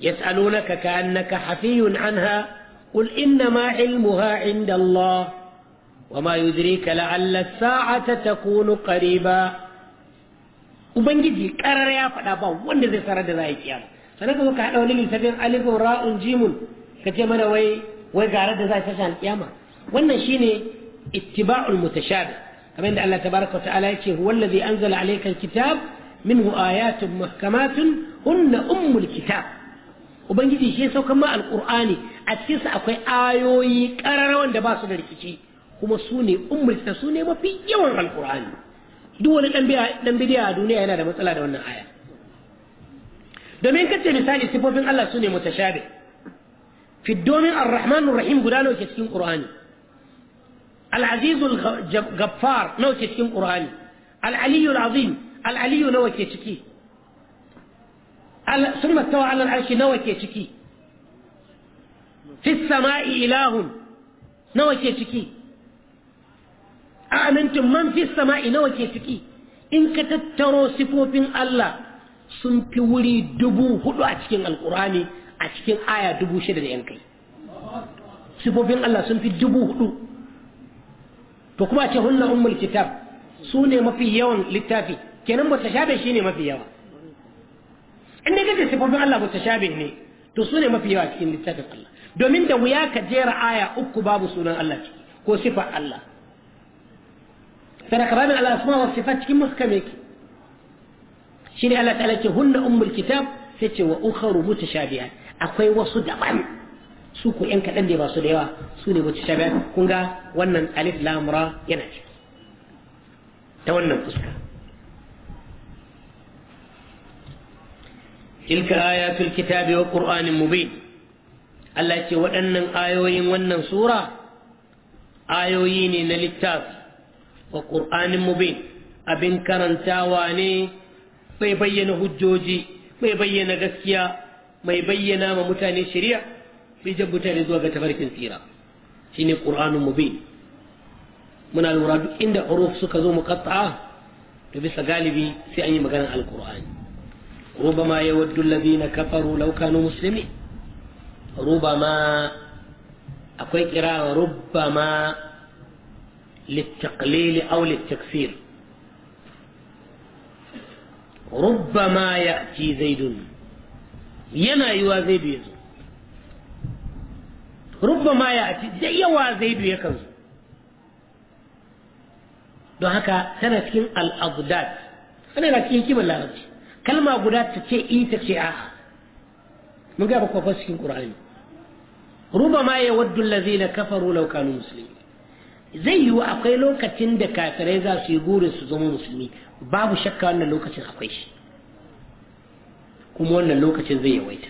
Speaker 1: يسألونك كأنك حفي عنها قل إنما علمها عند الله وما يدريك لعل الساعة تكون قريبا وبنجي قرر يا فدا با وند زي سرد زي قيامه sannan kuma ka haɗa wani littafin alifin ra'un jimun ka ce mana wai wai garar da za ta shan kiyama wannan shine ittiba'ul mutashabih kamar yadda Allah tabaraka ta'ala yace huwal ladhi anzala alayka alkitab minhu ayatun muhkamatun hunna ummul kitab ubangiji shi ya saukar ma alqur'ani a cikin sa akwai ayoyi kararrawan da ba su da rikici kuma su ne ummul kitab su ne mafi yawan alqur'ani duk wani dan bidiya a duniya yana da matsala da wannan aya domin kace misali sifofin Allah sune mutashabi fi domin arrahmanur rahim guda nawa ke cikin qur'ani al-azizul gaffar nawa ke cikin qur'ani al-aliyul azim al-aliyu nawa ke ciki ثم استوى على العرش نوى كيشكي في السماء إله نوى كيشكي أأمنتم من في السماء نوى كيشكي إن كتتروا سفوف الله sun fi wuri dubu hudu a cikin alkurani a cikin aya dubu shida da yankai sifofin Allah sun fi dubu hudu to kuma ce hunna ummul kitab su ne mafi yawan littafi kenan ba tashabe shi ne mafi yawa in dai kace sifofin Allah ba tashabe ne to su ne mafi yawa cikin littafin Allah domin da wuya ka jera aya uku babu sunan Allah ko sifar Allah sadaka babin al-asma wa sifat cikin muskame shine Allah ta'ala ce hunna ummul kitab sai ce wa ukharu mutashabihat akwai wasu daban su ku yan kadan da ba su da yawa su ne mutashabihat kun ga wannan alif lam ra yana ci ta wannan fuska tilka ayatul kitabi wa qur'anin mubin Allah ce waɗannan ayoyin wannan sura ayoyi ne na littafi wa ƙur'anin mubin abin karantawa ne mai bayyana hujjoji mai bayyana gaskiya mai bayyana ma mutane shari'a bai jan mutane zuwa ga tafarkin tsira shine qur'anun mubin muna lura duk inda huruf suka zo muqatta'a to bisa galibi sai an yi maganar alqur'ani ربما يود الذين كفروا لو كانوا مسلمين ربما أقول قراءة ربما للتقليل أو للتكسير ربما يأتي زيد ينا يوا زيد يزو ربما يأتي زي يوا زيد يكز دو هكا سنة كين الأضداد أنا لا كين كيما لا أرجي كلمة أضداد تتشي إي تتشي آه من قابل كوفاس كين قرآن ربما يود الذين كفروا لو كانوا مسلمين zai yiwu akwai lokacin da kafirai za su yi gurin su zama musulmi babu shakka wannan lokacin akwai shi kuma wannan lokacin zai yawaita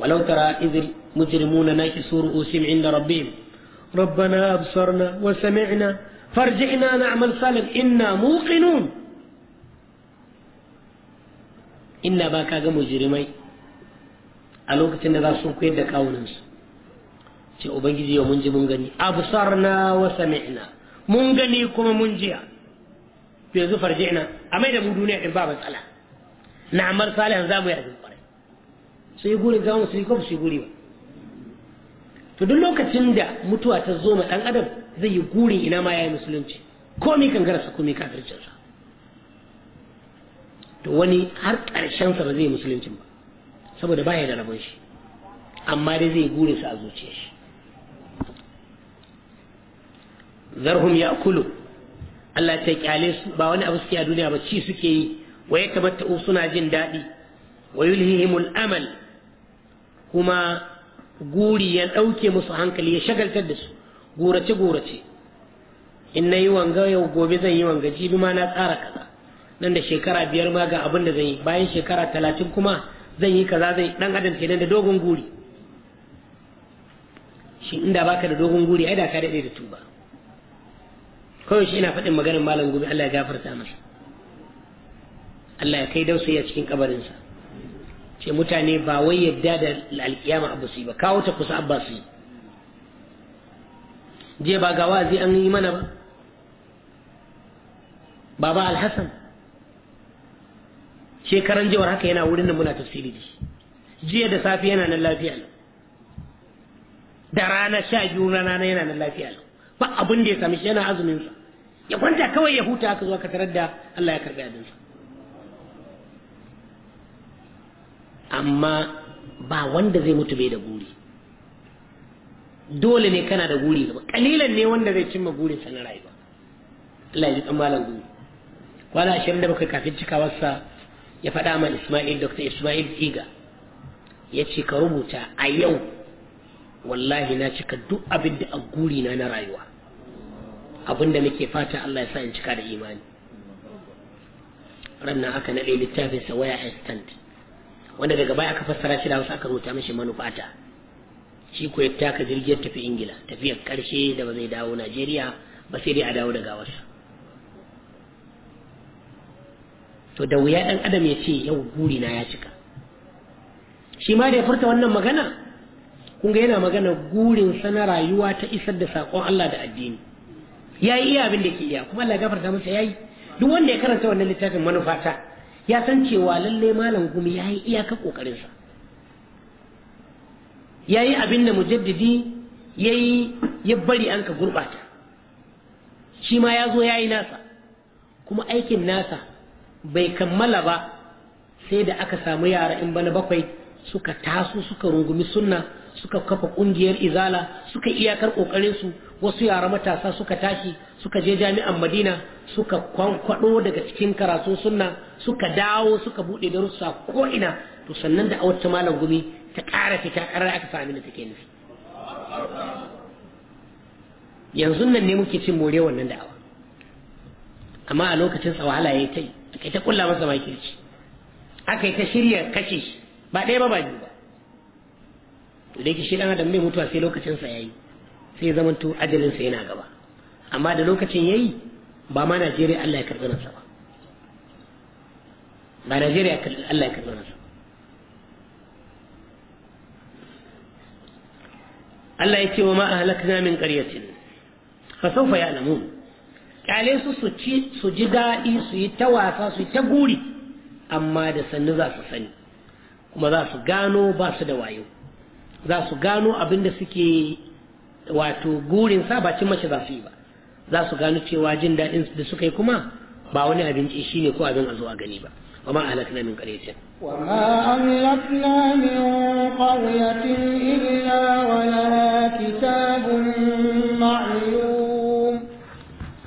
Speaker 1: ولو ترى إذ المجرمون ناكسوا رؤوسهم عند ربهم ربنا أبصرنا وسمعنا فارجعنا نعمل صالح إنا موقنون إنا باكا مجرمي a lokacin da za su koyar da kawunansu ce ubangiji yau mun ji mun gani absarna wa sami'na mun gani kuma mun jiya to yanzu ina a mai da mu duniya din ba matsala na amar salihan za mu yi abin kwarai sai guri za mu ko su guri ba to duk lokacin da mutuwa ta zo ma dan adam zai yi guri ina ma ya yi musulunci Ko mi kan garasa mi kafircin sa to wani har karshen sa ba zai musulunci ba saboda baya da rabon shi amma dai zai gure sa a zuciyar shi zarhum ya Kulu. Allah ta kyale su ba wani abu suke a duniya ba ci suke yi wa yatamatta'u suna jin daɗi wa yulhihimul amal kuma guri ya ɗauke musu hankali ya shagaltar da su gurace gurace in na yi wanga yau gobe zan yi wanga jibi ma na tsara kaza nan da shekara biyar ma ga abin da zan yi bayan shekara talatin kuma zan yi kaza zan dan adam kenan da dogon guri shi inda baka da dogon guri ai da ka daɗe da tuba kawai shi yana faɗin maganar malam gobe Allah ya gafarta masa Allah ya kai dausayi a cikin kabarinsa ce mutane ba wai yadda da alkiyama abu su yi ba kawo ta kusa abba su yi je ba ga wazi an yi mana ba baba alhassan shekaran jawar haka yana wurin nan muna tafsiri da shi jiya da safi yana nan lafiya lau da rana sha biyu rana yana nan lafiya lau ba abin da ya sami shi yana azumin sa ya kwanta kawai ya huta aka zo ka tarar da Allah ya karɓi abinsa amma ba wanda zai mutu bai da guri. dole ne kana da guri gaba kalilan ne wanda zai cimma burinsa na rayuwa Allah ya ji kamalan guri kwana ashirin da bakwai kafin cikawarsa ya faɗa ma Ismail Dr. Ismail Iga ya ce ka rubuta a yau wallahi na cika duk abin da a guri na na rayuwa da nake fata Allah ya sa in cika da imani rannan aka naɗe littafin sa waya extant wanda daga baya aka fassara shi da wasu aka rubuta mishi manufata shi ko ya taka jirgin tafi ingila tafiyar karshe da ba zai dawo najeriya ba sai dai a dawo daga wasa to da wuya ɗan adam ya ce yau guri ya cika shi ma da ya furta wannan magana kun ga yana magana gurin sana rayuwa ta isar da saƙon Allah da addini yayi iya abin da ke iya kuma Allah ya gafarta masa yayi duk wanda ya karanta wannan littafin manufata ya san cewa lallai malam gumi yayi iyaka kokarin sa yayi abin da mujaddidi yayi ya bari an ka gurbata shi ma ya zo yayi nasa kuma aikin nasa bai kammala ba sai da aka samu yara in bana bakwai suka taso suka rungumi sunna suka kafa kungiyar izala suka iyakar kokarin su wasu yara matasa suka tashi suka je jami'an madina suka kwankwado daga cikin karatu sunna suka dawo suka bude darussa ko ina to sannan da awata malam gumi ta ƙara fita ƙarar aka sami da take nufi yanzu nan ne muke cin more wannan da'awa amma a lokacin sa wahala yayi tai kai ta kulla masa makirci aka yi ta shirya kashe shi ba ɗaya ba ba ba to da shi dan adam mai mutuwa sai lokacin sa yayi sai zaman to ajalin sa yana gaba amma da lokacin yayi ba ma Najeriya Allah ya karbi nasa ba ba Najeriya Allah ya karbi nasa Allah ya ce wa ma ahlakna min qaryatin fa sawfa ya'lamun kale su su ci su ji daɗi su yi ta wasa su yi ta guri amma da sannu za su sani kuma za su gano ba su da wayo za su gano abin da suke wato gurin sa ba cin mace za su yi ba za su gano cewa jin daɗin da suka yi kuma ba wani abinci ne ko abin a zuwa gani ba وما أهلكنا من قرية
Speaker 2: وما أهلكنا من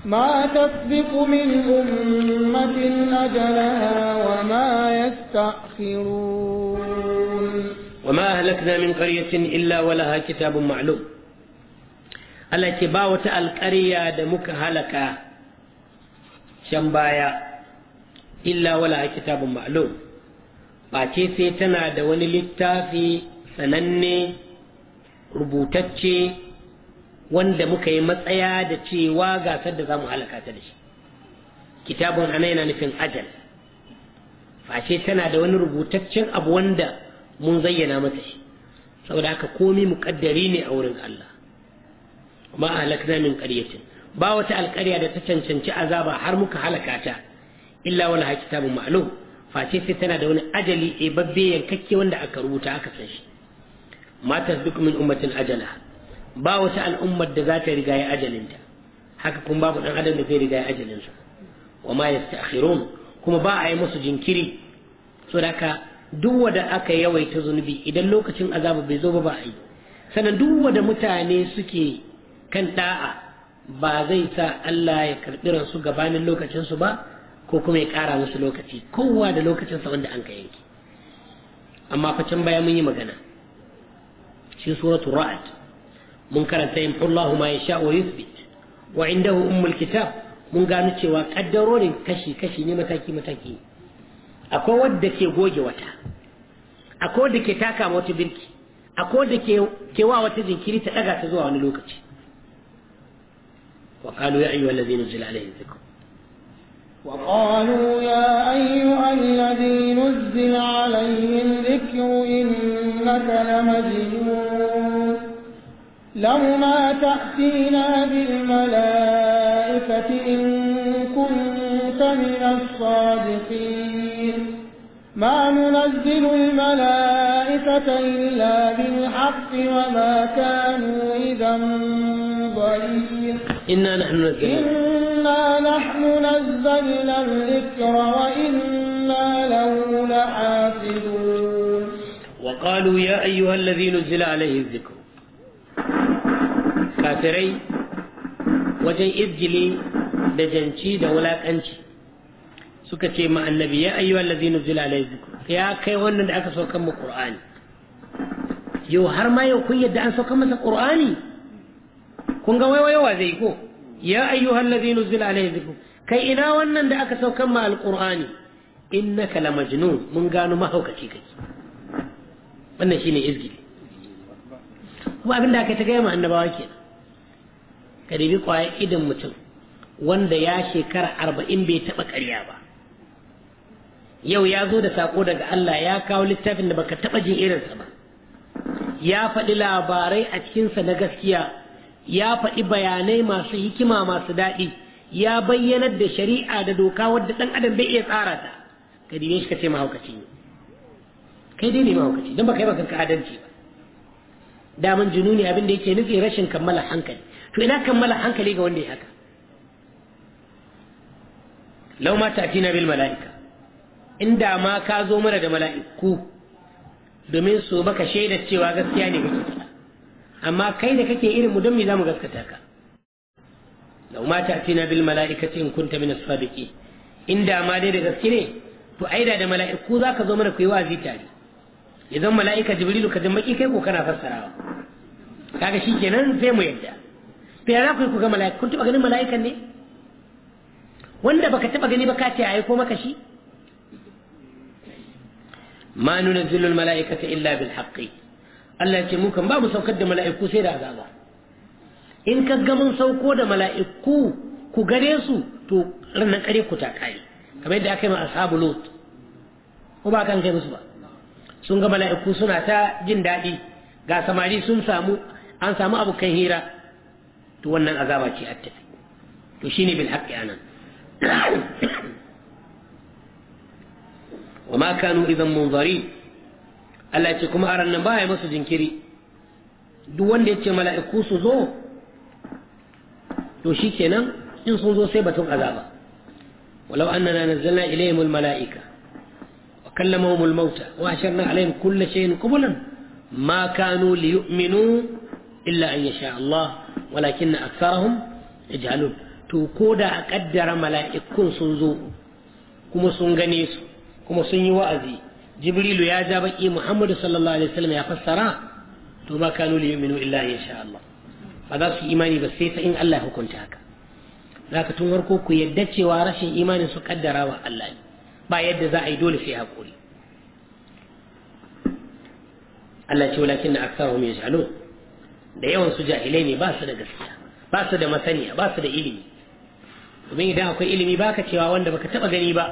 Speaker 2: ما تسبق من أمة أجلها وما يستأخرون
Speaker 1: وما أهلكنا من قرية إلا ولها كتاب معلوم Allah ce ba wata alƙarya da muka halaka can baya illa laha kitabun ma'lum face sai tana da wani littafi sananne rubutacce wanda muka yi matsaya da cewa gasar da za mu halaka ta da shi kitabun ana yana nufin ajal face tana da wani rubutaccen abu wanda mun zayyana mata shi saboda haka komi muƙaddari ne a wurin Allah ma halakna min qaryatin ba wata alƙarya da ta cancanci azaba har muka halaka ta illa wala ha kitabu ma'lum face sai tana da wani ajali e babbe yankakke wanda aka rubuta aka san shi ma duk min ummatin ajala ba wata al'ummar da za ta riga ya ajalinta haka kuma babu ɗan adam da zai riga ya ajalinsa wa ma yasta'khirun kuma ba a yi musu jinkiri da ka. duk wanda aka yawaita zunubi idan lokacin azaba bai zo ba ba a yi sannan duk wanda mutane suke kan da'a ba zai sa Allah ya karbi ransu gabanin lokacin su ba ko kuma ya kara musu lokaci kowa da lokacinsa wanda an ka yanki amma fa can baya mun yi magana shi suratu ra'ad mun karanta yin Allahu ma yasha wa yuthbit wa indahu ummul kitab mun gano cewa ne kashi kashi ne mataki mataki ne akwai wadda ke goge wata akwai wadda ke taka ma wata birki akwai wadda ke wa wata jinkiri ta daga ta zuwa wani lokaci wa qalu ya ayyuhal ladina nuzila alayhi dhikr
Speaker 2: wa qalu ya ayyuhal ladina nuzila alayhi dhikr innaka lamajnun لو ما تأتينا بالملائكة إن كنت من الصادقين ما ننزل الملائكة إلا بالحق وما كانوا إذا منظرين إنا نحن نزلنا إنا نحن نزلنا الذكر وإنا له لحافظون
Speaker 1: وقالوا يا أيها الذي نزل عليه الذكر كافري وجن إذجلي دجنشي دولاك أنشي suka ce ma annabi ya ayyuhal ladzina zila alayhi ya kai wannan da aka saukan mu qur'ani yau har ma yau kun yadda an saukar masa qur'ani kun ga waiwayowa zai ko ya ayyuhal ladzina zila alayhi dhikru kai ina wannan da aka saukar ma alqur'ani innaka lamajnun mun gano mahaukaci kake wannan shine izgili kuma abin da aka ta gaya ma annabawa ke ka dibi kwaya idan mutum wanda ya shekara arba'in bai taɓa ƙarya ba yau ya zo da sako daga Allah ya kawo littafin da baka taba jin irinsa ba ya faɗi labarai a cikinsa na gaskiya ya faɗi bayanai masu hikima masu daɗi ya bayyanar da shari'a da doka wadda ɗan adam bai iya tsara ta ka dine shi ka ce mahaukaci ne kai dai ne mahaukaci don baka yi maka adalci ba daman jununi abin da yake nufi rashin kammala hankali to ina kammala hankali ga wanda ya haka lau ma ta'tina bil mala'ika inda ma ka zo mana da mala'iku domin su baka shaida cewa gaskiya ne kake faɗa amma kai da kake irin mu don me mu gaskata ka law ma na bil mala'ikati in kunta mina su sadiqin inda ma dai da gaske ne to aida da mala'iku za ka zo mana ku yi wazi tare idan mala'ika jibrilu ka dimmaki kai ko kana fassarawa kaga shikenan sai mu yadda to yana ku ga mala'ika kun ganin mala'ikan ne wanda baka taɓa gani ba ka ce a yi ko maka shi ma nunazzilu malaikata illa bil haƙƙi. Allah ce mu kan ba mu saukar da mala'iku sai da azaba in ka ga mun sauko da mala'iku ku gare su to ranar kare ku ta kare kamar yadda aka yi ma ashabu lot, ko ba kan kai musu ba sun ga mala'iku suna ta jin daɗi ga samari sun samu an samu abokan hira to wannan azaba ce a tafi to shine bil haƙƙi anan wa ma kanu idan munzari Allah ce kuma a ranar ba ya masu jinkiri duk wanda ya ce mala'iku su zo to shi kenan in sun zo sai batun azaba walau annana nazzalna ilayhimul mala'ika wa kallamahumul mauta wa asharna kulle kulla shay'in qubulan ma kanu liyu'minu illa an yasha Allah walakinna aktharahum yajhalun to da a kaddara mala'ikun sun zo kuma sun gane su kuma sun yi wa'azi jibrilu ya ja baki muhammadu sallallahu alaihi wasallam ya fassara to ma kanu li yu'minu illa insha Allah ba za su yi imani ba sai fa in Allah ya hukunta haka zaka tun warko ku yadda cewa rashin imanin su kaddara wa Allah ne ba yadda za a yi dole sai hakuri Allah ce walakin na aktharuhum yaj'alun da yawan su jahilai ne ba su da gaskiya ba su da masaniya ba su da ilimi domin idan akwai ilimi baka cewa wanda baka taba gani ba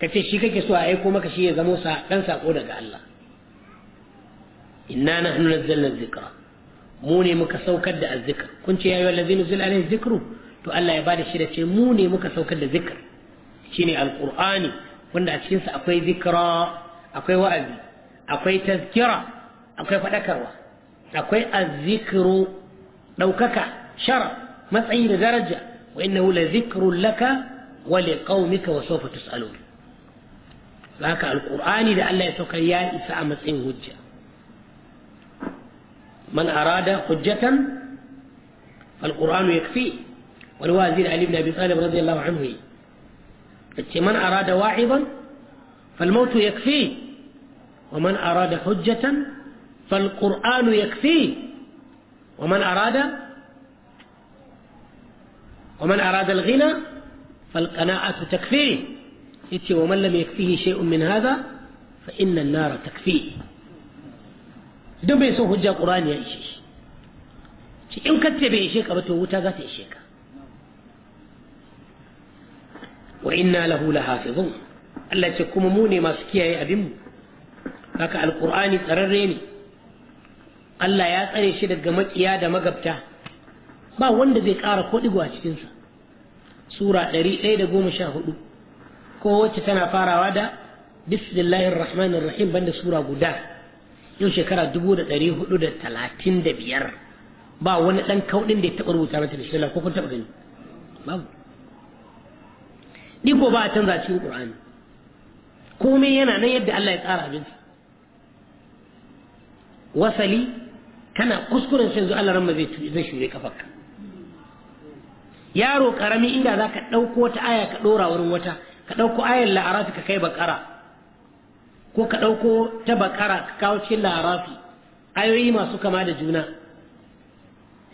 Speaker 1: ka ce shi kake so a aiko maka shi ya zamo dan sako daga Allah inna nahnu nazzalna dhikra mu ne muka saukar da azzikr kun ce ya ayyuhal nuzila alaihi dhikru to Allah ya bada shi da ce mu ne muka saukar da zikr shine alqur'ani wanda a cikin sa akwai zikra akwai wa'azi akwai tazkira akwai fadakarwa akwai azzikru daukaka shara, matsayi da daraja wa innahu la laka wa liqaumika wa sawfa tus'alun زاك القرآن إذا الله يتوكيا إسا أمسين حجة من أراد حجة فالقرآن يكفي والوازير علي بن أبي طالب رضي الله عنه من أراد واعظا فالموت يكفي ومن أراد حجة فالقرآن يكفي ومن أراد ومن أراد الغنى فالقناعة تكفيه ce wa man lam yakfihi shay'un min hadha fa inna an-nar takfi idan bai so hujja qur'ani ya ishe shi ci in bai ishe ka ba to wuta za ta ishe ka wa lahula lahu lahafizun Allah ce kuma mu ne masu kiyaye abin mu haka alqur'ani tsararre ne Allah ya tsare shi daga makiya da magabta ba wanda zai ƙara ko digo a cikinsa sura ɗari ɗaya da goma sha hudu. ko wacce tana farawa da bismillahir rahmanir rahim banda sura guda yau shekara dubu da hudu da talatin da biyar ba wani dan kauɗin da ya taɓa rubuta mata Allah ko kun taɓa gani babu ni ba a canza cikin qur'ani komai yana nan yadda Allah ya tsara abinsa wasali kana kuskuren sai Allah ranma zai zai shure kafarka yaro karami inda zaka ɗauko wata aya ka ɗora wurin wata ka ɗauko ayar la'arafi ka kai bakara ko ka ɗauko ta bakara ka kawo cikin la'arafi ayoyi masu kama da juna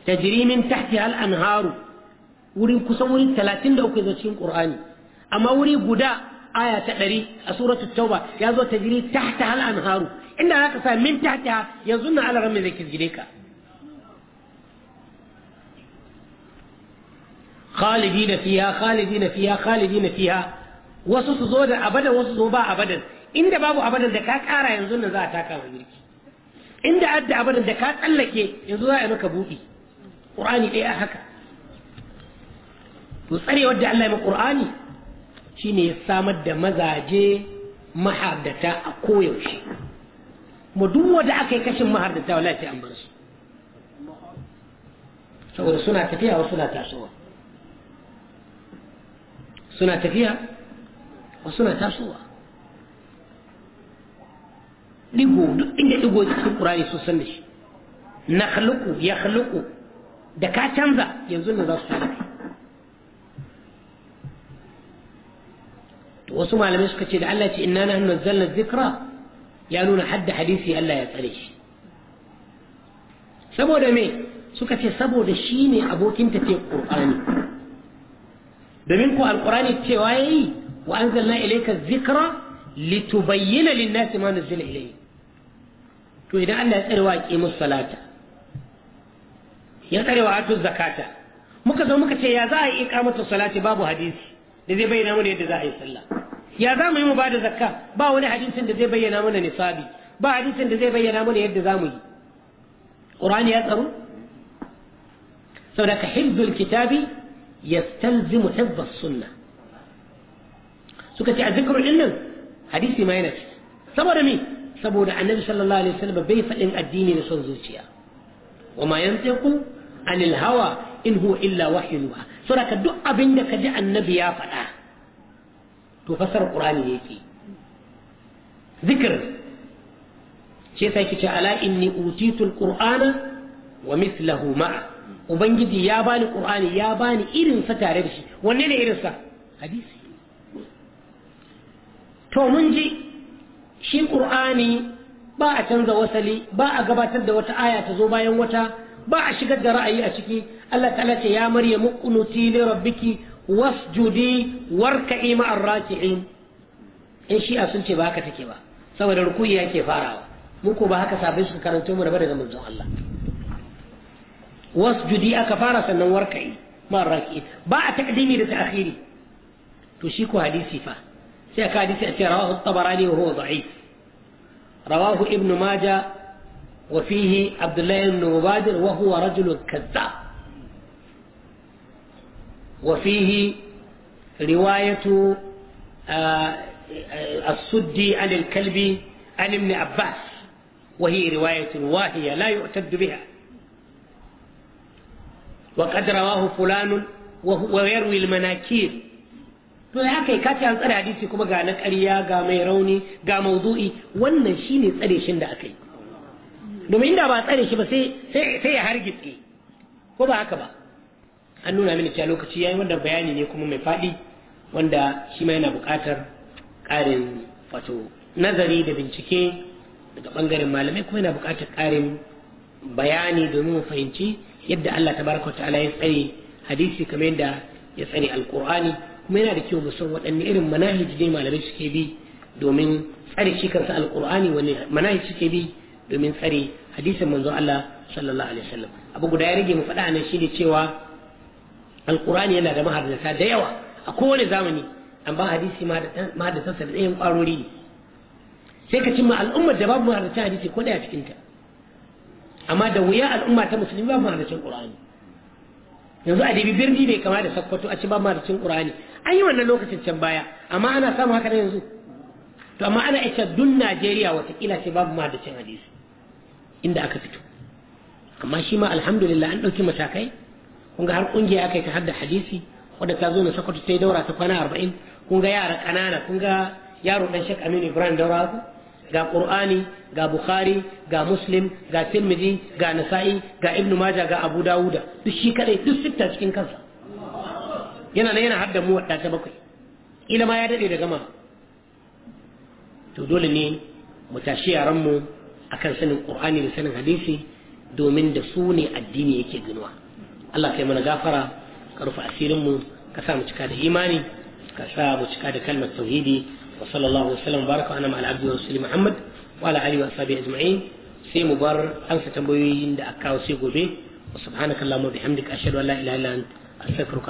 Speaker 1: ta jirimin tahti al'anharu wurin kusan wurin talatin da uku zo cikin ƙur'ani amma wuri guda aya ta ɗari a suratu tauba ya zo ta jiri tahta al'anharu inda za ka sa min tahta yanzu na alaran mai zai kizgide ka خالدين فيها خالدين فيها خالدين فيها wasu su zo da abadan wasu zo ba abadan inda babu abadan da ka kara yanzu nan za a taka wa mulki inda adda abadan da ka tsallake yanzu za a yi maka buɗi qur'ani ɗaya a haka to tsare wadda Allah ya maka qur'ani shine ya samar da mazaje mahaddata a koyaushe mu duk wanda aka yi kashin mahaddata wallahi an bar su saboda suna tafiya wasu na tasowa suna tafiya wasu na digo duk inda digo cikin qur'ani sun san da shi na khluqu ya khluqu da ka canza yanzu ne za su yi to wasu malamai suka ce da Allah ce na nahnu nazzalna dhikra ya nuna hadda hadisi Allah ya tsare shi saboda me suka ce saboda shi ne abokin ta tafiye ƙur'ani domin ko alƙur'ani cewa ya yi wa anzalna ilayka dhikra litubayyana lin-nasi ma to idan Allah ya tsarewa qimus salata ya wa atu zakata muka zo muka ce ya za a yi iqamatu salati babu hadisi da zai bayyana mana yadda za a yi sallah ya za mu yi mu bada zakka ba wani hadisin da zai bayyana mana nisabi ba hadisin da zai bayyana mana yadda za mu yi qur'ani ya tsaro saboda ka hibdul kitabi yastanzimu hibdus sunnah suka ce a zikiru din nan hadisi ma yana ci saboda me saboda annabi sallallahu alaihi wasallam bai faɗin addini da son zuciya wa ma yantiqu anil hawa in huwa illa wahyun wa saboda duk abin da kaji annabi ya faɗa to fasar qur'ani yake zikir ce sai kice ala inni utitul qur'ana wa mithlahu ma'a ubangiji ya bani qur'ani ya bani irin sa tare da shi wanne ne irin sa hadisi to mun ji shi ƙur'ani ba a canza wasali ba a gabatar da wata aya ta zo bayan wata ba a shigar da ra'ayi a ciki Allah ta'ala ce ya maryamu qunuti li rabbiki wasjudi warka'i ma'ar in shi'a sun ce ba haka take ba saboda rukuyi yake farawa mu ko ba haka sabai suka karanto mu raba daga manzon Allah wasjudi aka fara sannan warka'i ma'ar ba a takdimi da ta'khiri to shi ko hadisi fa سيكاد تأتي رواه الطبراني وهو ضعيف رواه ابن ماجه وفيه عبد الله بن مبادر وهو رجل كذاب وفيه رواية آه، السدي عن الكلب عن ابن عباس وهي رواية واهية لا يعتد بها وقد رواه فلان ويروي المناكير to ya kai ka ce an tsare hadisi kuma ga na ƙarya ga mai rauni ga maudu'i wannan shine tsare shin da aka yi domin inda ba tsare shi ba sai sai ya hargitse ko ba haka ba an nuna mini cewa lokaci yayi wannan bayani ne kuma mai faɗi wanda shi ma yana buƙatar ƙarin wato nazari da bincike daga ɓangaren malamai kuma yana buƙatar ƙarin bayani domin mu fahimci yadda Allah tabaraka wa ta'ala ya tsare hadisi kamar yadda ya tsare alƙur'ani kuma yana da kyau mu san waɗanne irin manahiji ne malamai suke bi domin tsare shi kansa alqur'ani wani manahiji suke bi domin tsare hadisin manzo Allah sallallahu alaihi wasallam abu guda ya rage mu faɗa nan shine cewa alqur'ani yana da mahaddata da yawa a kowane zamani amma hadisi ma da 'yan ƙwarori ne sai ka cimma al'ummar da babu mahaddatan hadisi ko ɗaya cikinta amma da wuya al'umma ta musulmi babu mahaddatan ƙur'ani yanzu a dabi birni bai kama da sakkwato a ci babu mahaddatan ƙur'ani an yi wannan lokacin can baya amma ana samun haka yanzu to amma ana ita dun najeriya watakila ce babu ma da can hadisi inda aka fito amma shi ma alhamdulillah an ɗauki matakai kun ga har ƙungiya aka yi ta hadda hadisi wadda ta zo na sakwato ta yi daura ta kwana arba'in kun ga yara ƙanana kun ga yaro ɗan shek aminu ibrahim daura ku ga ƙur'ani ga bukhari ga muslim ga tirmidhi ga nasa'i ga ibnu maja ga abu dawuda duk shi kadai duk sitta cikin kansa yana nan yana hadda mu wadda ta bakwai ila ma ya dade da gama to dole ne mu tashi yaran mu akan sanin qur'ani da sanin hadisi domin da su ne addini yake ginuwa Allah kai mana gafara ka rufe asirin mu ka sa mu cika da imani ka sa mu cika da kalmar tauhidi wa sallallahu alaihi wasallam baraka ana ma'al abdu rasul muhammad wa ala alihi wa ashabihi ajma'in sai mu bar ansa tambayoyin da aka kawo sai gobe wa subhanakallahumma bihamdika ashhadu an la ilaha illa anta se que por